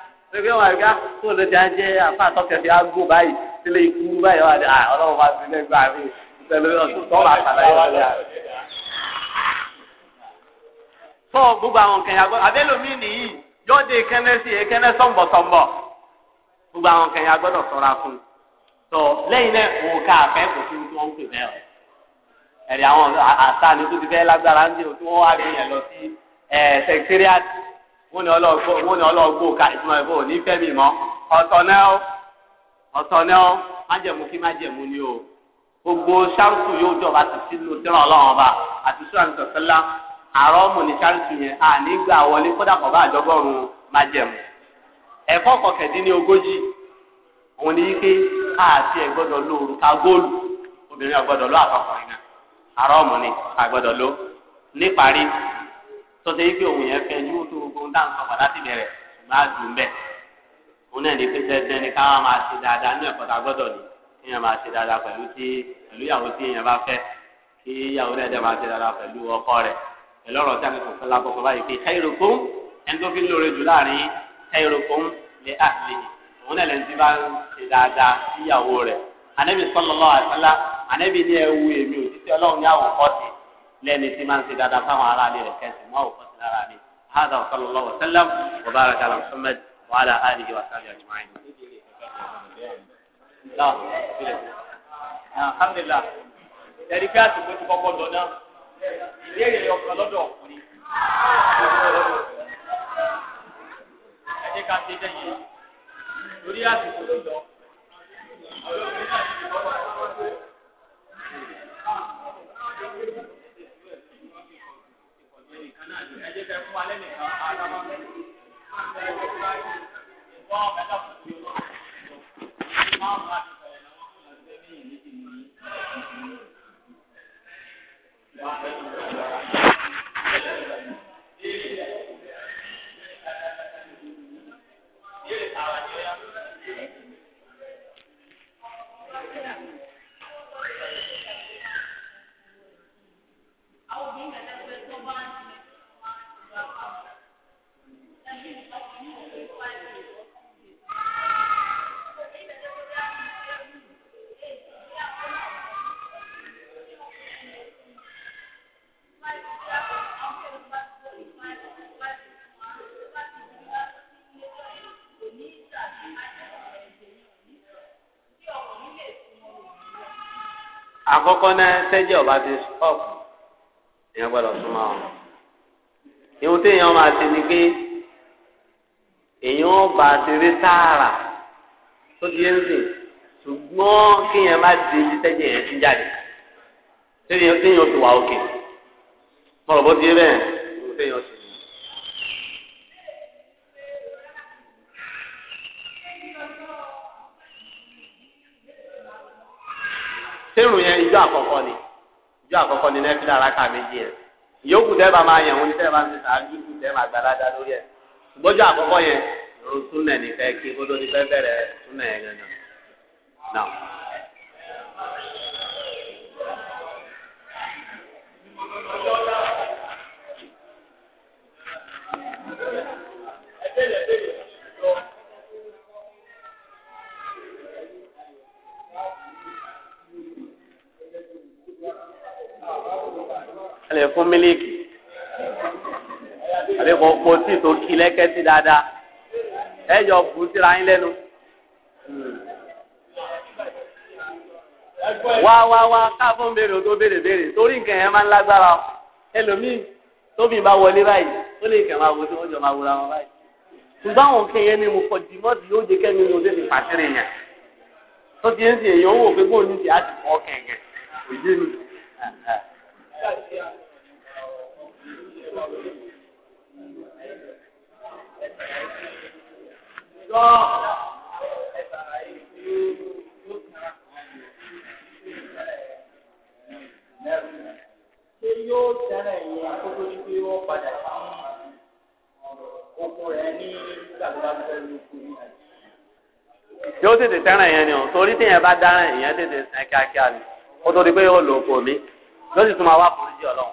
pẹ̀lú ọ̀tọ̀ bá sàlàyé wà lẹ́yà. Tọ́ gbogbo àwọn nǹkan yàgbọ́ abẹ́lómi nìyí yóò dé kẹ́nẹ́ sí kẹ́nẹ́ sọ̀mbọ̀sọ̀mbọ̀. Gbogbo àwọn nǹkan yàgbọ́ náà sọ̀ra fún un. Tọ́ náà wò ká àfẹ́ kò fún tí wọ́n ń pè bẹ́ẹ̀ o. Ẹ̀rí àwọn àṣà ni tó ti fẹ́ lágbára ń dé o tí wọ́n wá gbé yẹn lọ sí sẹkítírìàtì. Wọ́n ní ọlọ́gbó ká ìtumọ̀ ìbò ní fẹ́mi mọ́. Ọ̀tọ̀ náà ọ̀tọ̀ náà májẹ̀mú kí májẹ̀mú ni o. gbogbo sárutu yóò jọba ti sínú tẹ́lẹ̀ ọlọ́run ọba àti sọ́ra ní sọ̀tẹ́lá àrọ́mù ní sárutu yẹn à nígbà wọlé kódà kọ̀ bá àjọgọ́rùn-ún májẹ̀mú. ẹ̀kọ́ kọkẹ̀dín ní ogójì òun ni wípé àti ẹ̀gbọ́dọ̀ lo òrùka góòlù obìnrin náà àgbọ́dọ̀ níparí tọ́tẹ́ òun yẹn fẹ́ ju tó gbogbo ń òun èèyàn máa ṣe dáadáa pẹ̀lú tí pẹ̀lú ìyàwó tí èèyàn bá fẹ́ kí ìyàwó náà dẹ̀ máa ṣe dáadáa pẹ̀lú ọkọ rẹ̀ pẹ̀lú ọ̀rọ̀ tí a ní kò fẹ́ lábọ̀ fún báyìí pé khairukum ẹni tó fi ń lóore jù láàrin khairukum li ahlihi òun náà lẹ́ni tí bá ń ṣe dáadáa sí ìyàwó rẹ̀ anabi sallallahu alaihi wasallam ní ẹwu èmi òtítọ́ ọlọ́run ní àwọn kọ́ọ̀tì lẹ́ni tí máa ń ṣe dáadáa fáwọn aráàlú وسلم وبارك على محمد وعلى آله وصحبه أجمعين là ìbílẹ̀ alhamdulilah ẹ̀rí pé àsìkò ti kọ́kọ́ lọ náà ìbéèrè ọkàn lọ́dọ̀ ọkùnrin ẹ jẹ́ ká ṣe dẹ́yìn lórí àsìkò ti lọ àkọ́kọ́ náà tẹ́jẹ́ ọba ti sọ́ọ̀kù èèyàn gbọ́dọ̀ súnmọ́ ọ. ìhun tí èèyàn máa ṣe ni pé èèyàn bá ti rí tààrà tó di ẹ̀sìn ṣùgbọ́n kéèyàn má di ibi tẹ́jẹ́ yẹn ti jáde kéèyàn tó wà òkè mọ̀rọ̀ bó ti rí bẹ́ẹ̀. ìjọ àkọ́kọ́ ni ìjọ àkọ́kọ́ ni nẹ́fílà rákà méjì yẹn ìyókù tẹ́ bá máa yàn wọ́n ní tẹ́ bá ń sèta àdúgbò tẹ́ máa gbalada lórí ẹ̀ gbọ́jọ́ àkọ́kọ́ yẹn ìrun súnà nìfẹ́ kí gbọ́dọ̀ nìfẹ́ bẹ̀rẹ̀ fún mílíkì àbí kò kò tí tó kí lẹ́kẹ́sí dáadáa ẹ jọ bù síra yín lẹ́nu. wá wá wá káfọ́n béèrè tó béèrè béèrè torí nǹkan yẹn máa ń lágbára ẹlòmíì tóbi bá wọlé báyìí ó lè kẹ́ máa wo tí wọ́n jọ máa wura wọn báyìí. ṣùgbọ́n àwọn nǹkan yẹn ni mo kọ dì mọ́tì yóò jẹ́ kẹ́mi ní o tètè pàṣẹrẹ yẹn. tó ti ń sè èèyàn wò pé bóun ní ti á kẹ̀kẹ́ òye mi yóò tètè tẹ́ràn yẹn ni o torí téèyàn bá dáràn èèyàn tètè sàn kíákíá ni ó torí pé yóò lò ó kò mí yóò sì tún máa wá foríjì ọlọ́run.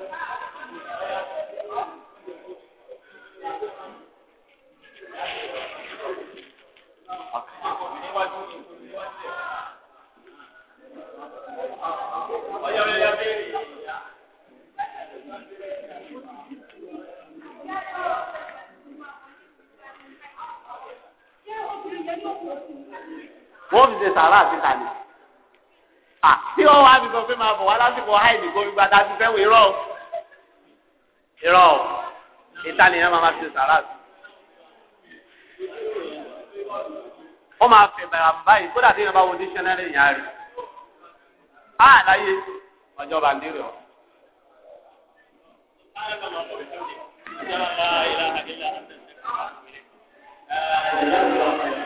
wọ́n fi ṣe sàrà àti tàlẹ̀ tí wọ́n wá fi sọ pé máa wá lásìkò háìlì gbórí gbadá ti fẹ́ wọ irọ́ irọ́ o ìtàlẹ̀ yẹn máa fi ṣe sàrà àti. wọ́n máa fẹ̀ bàrà báyìí kódà tí yẹn bá wo dísẹ́nẹ́rì yẹn rí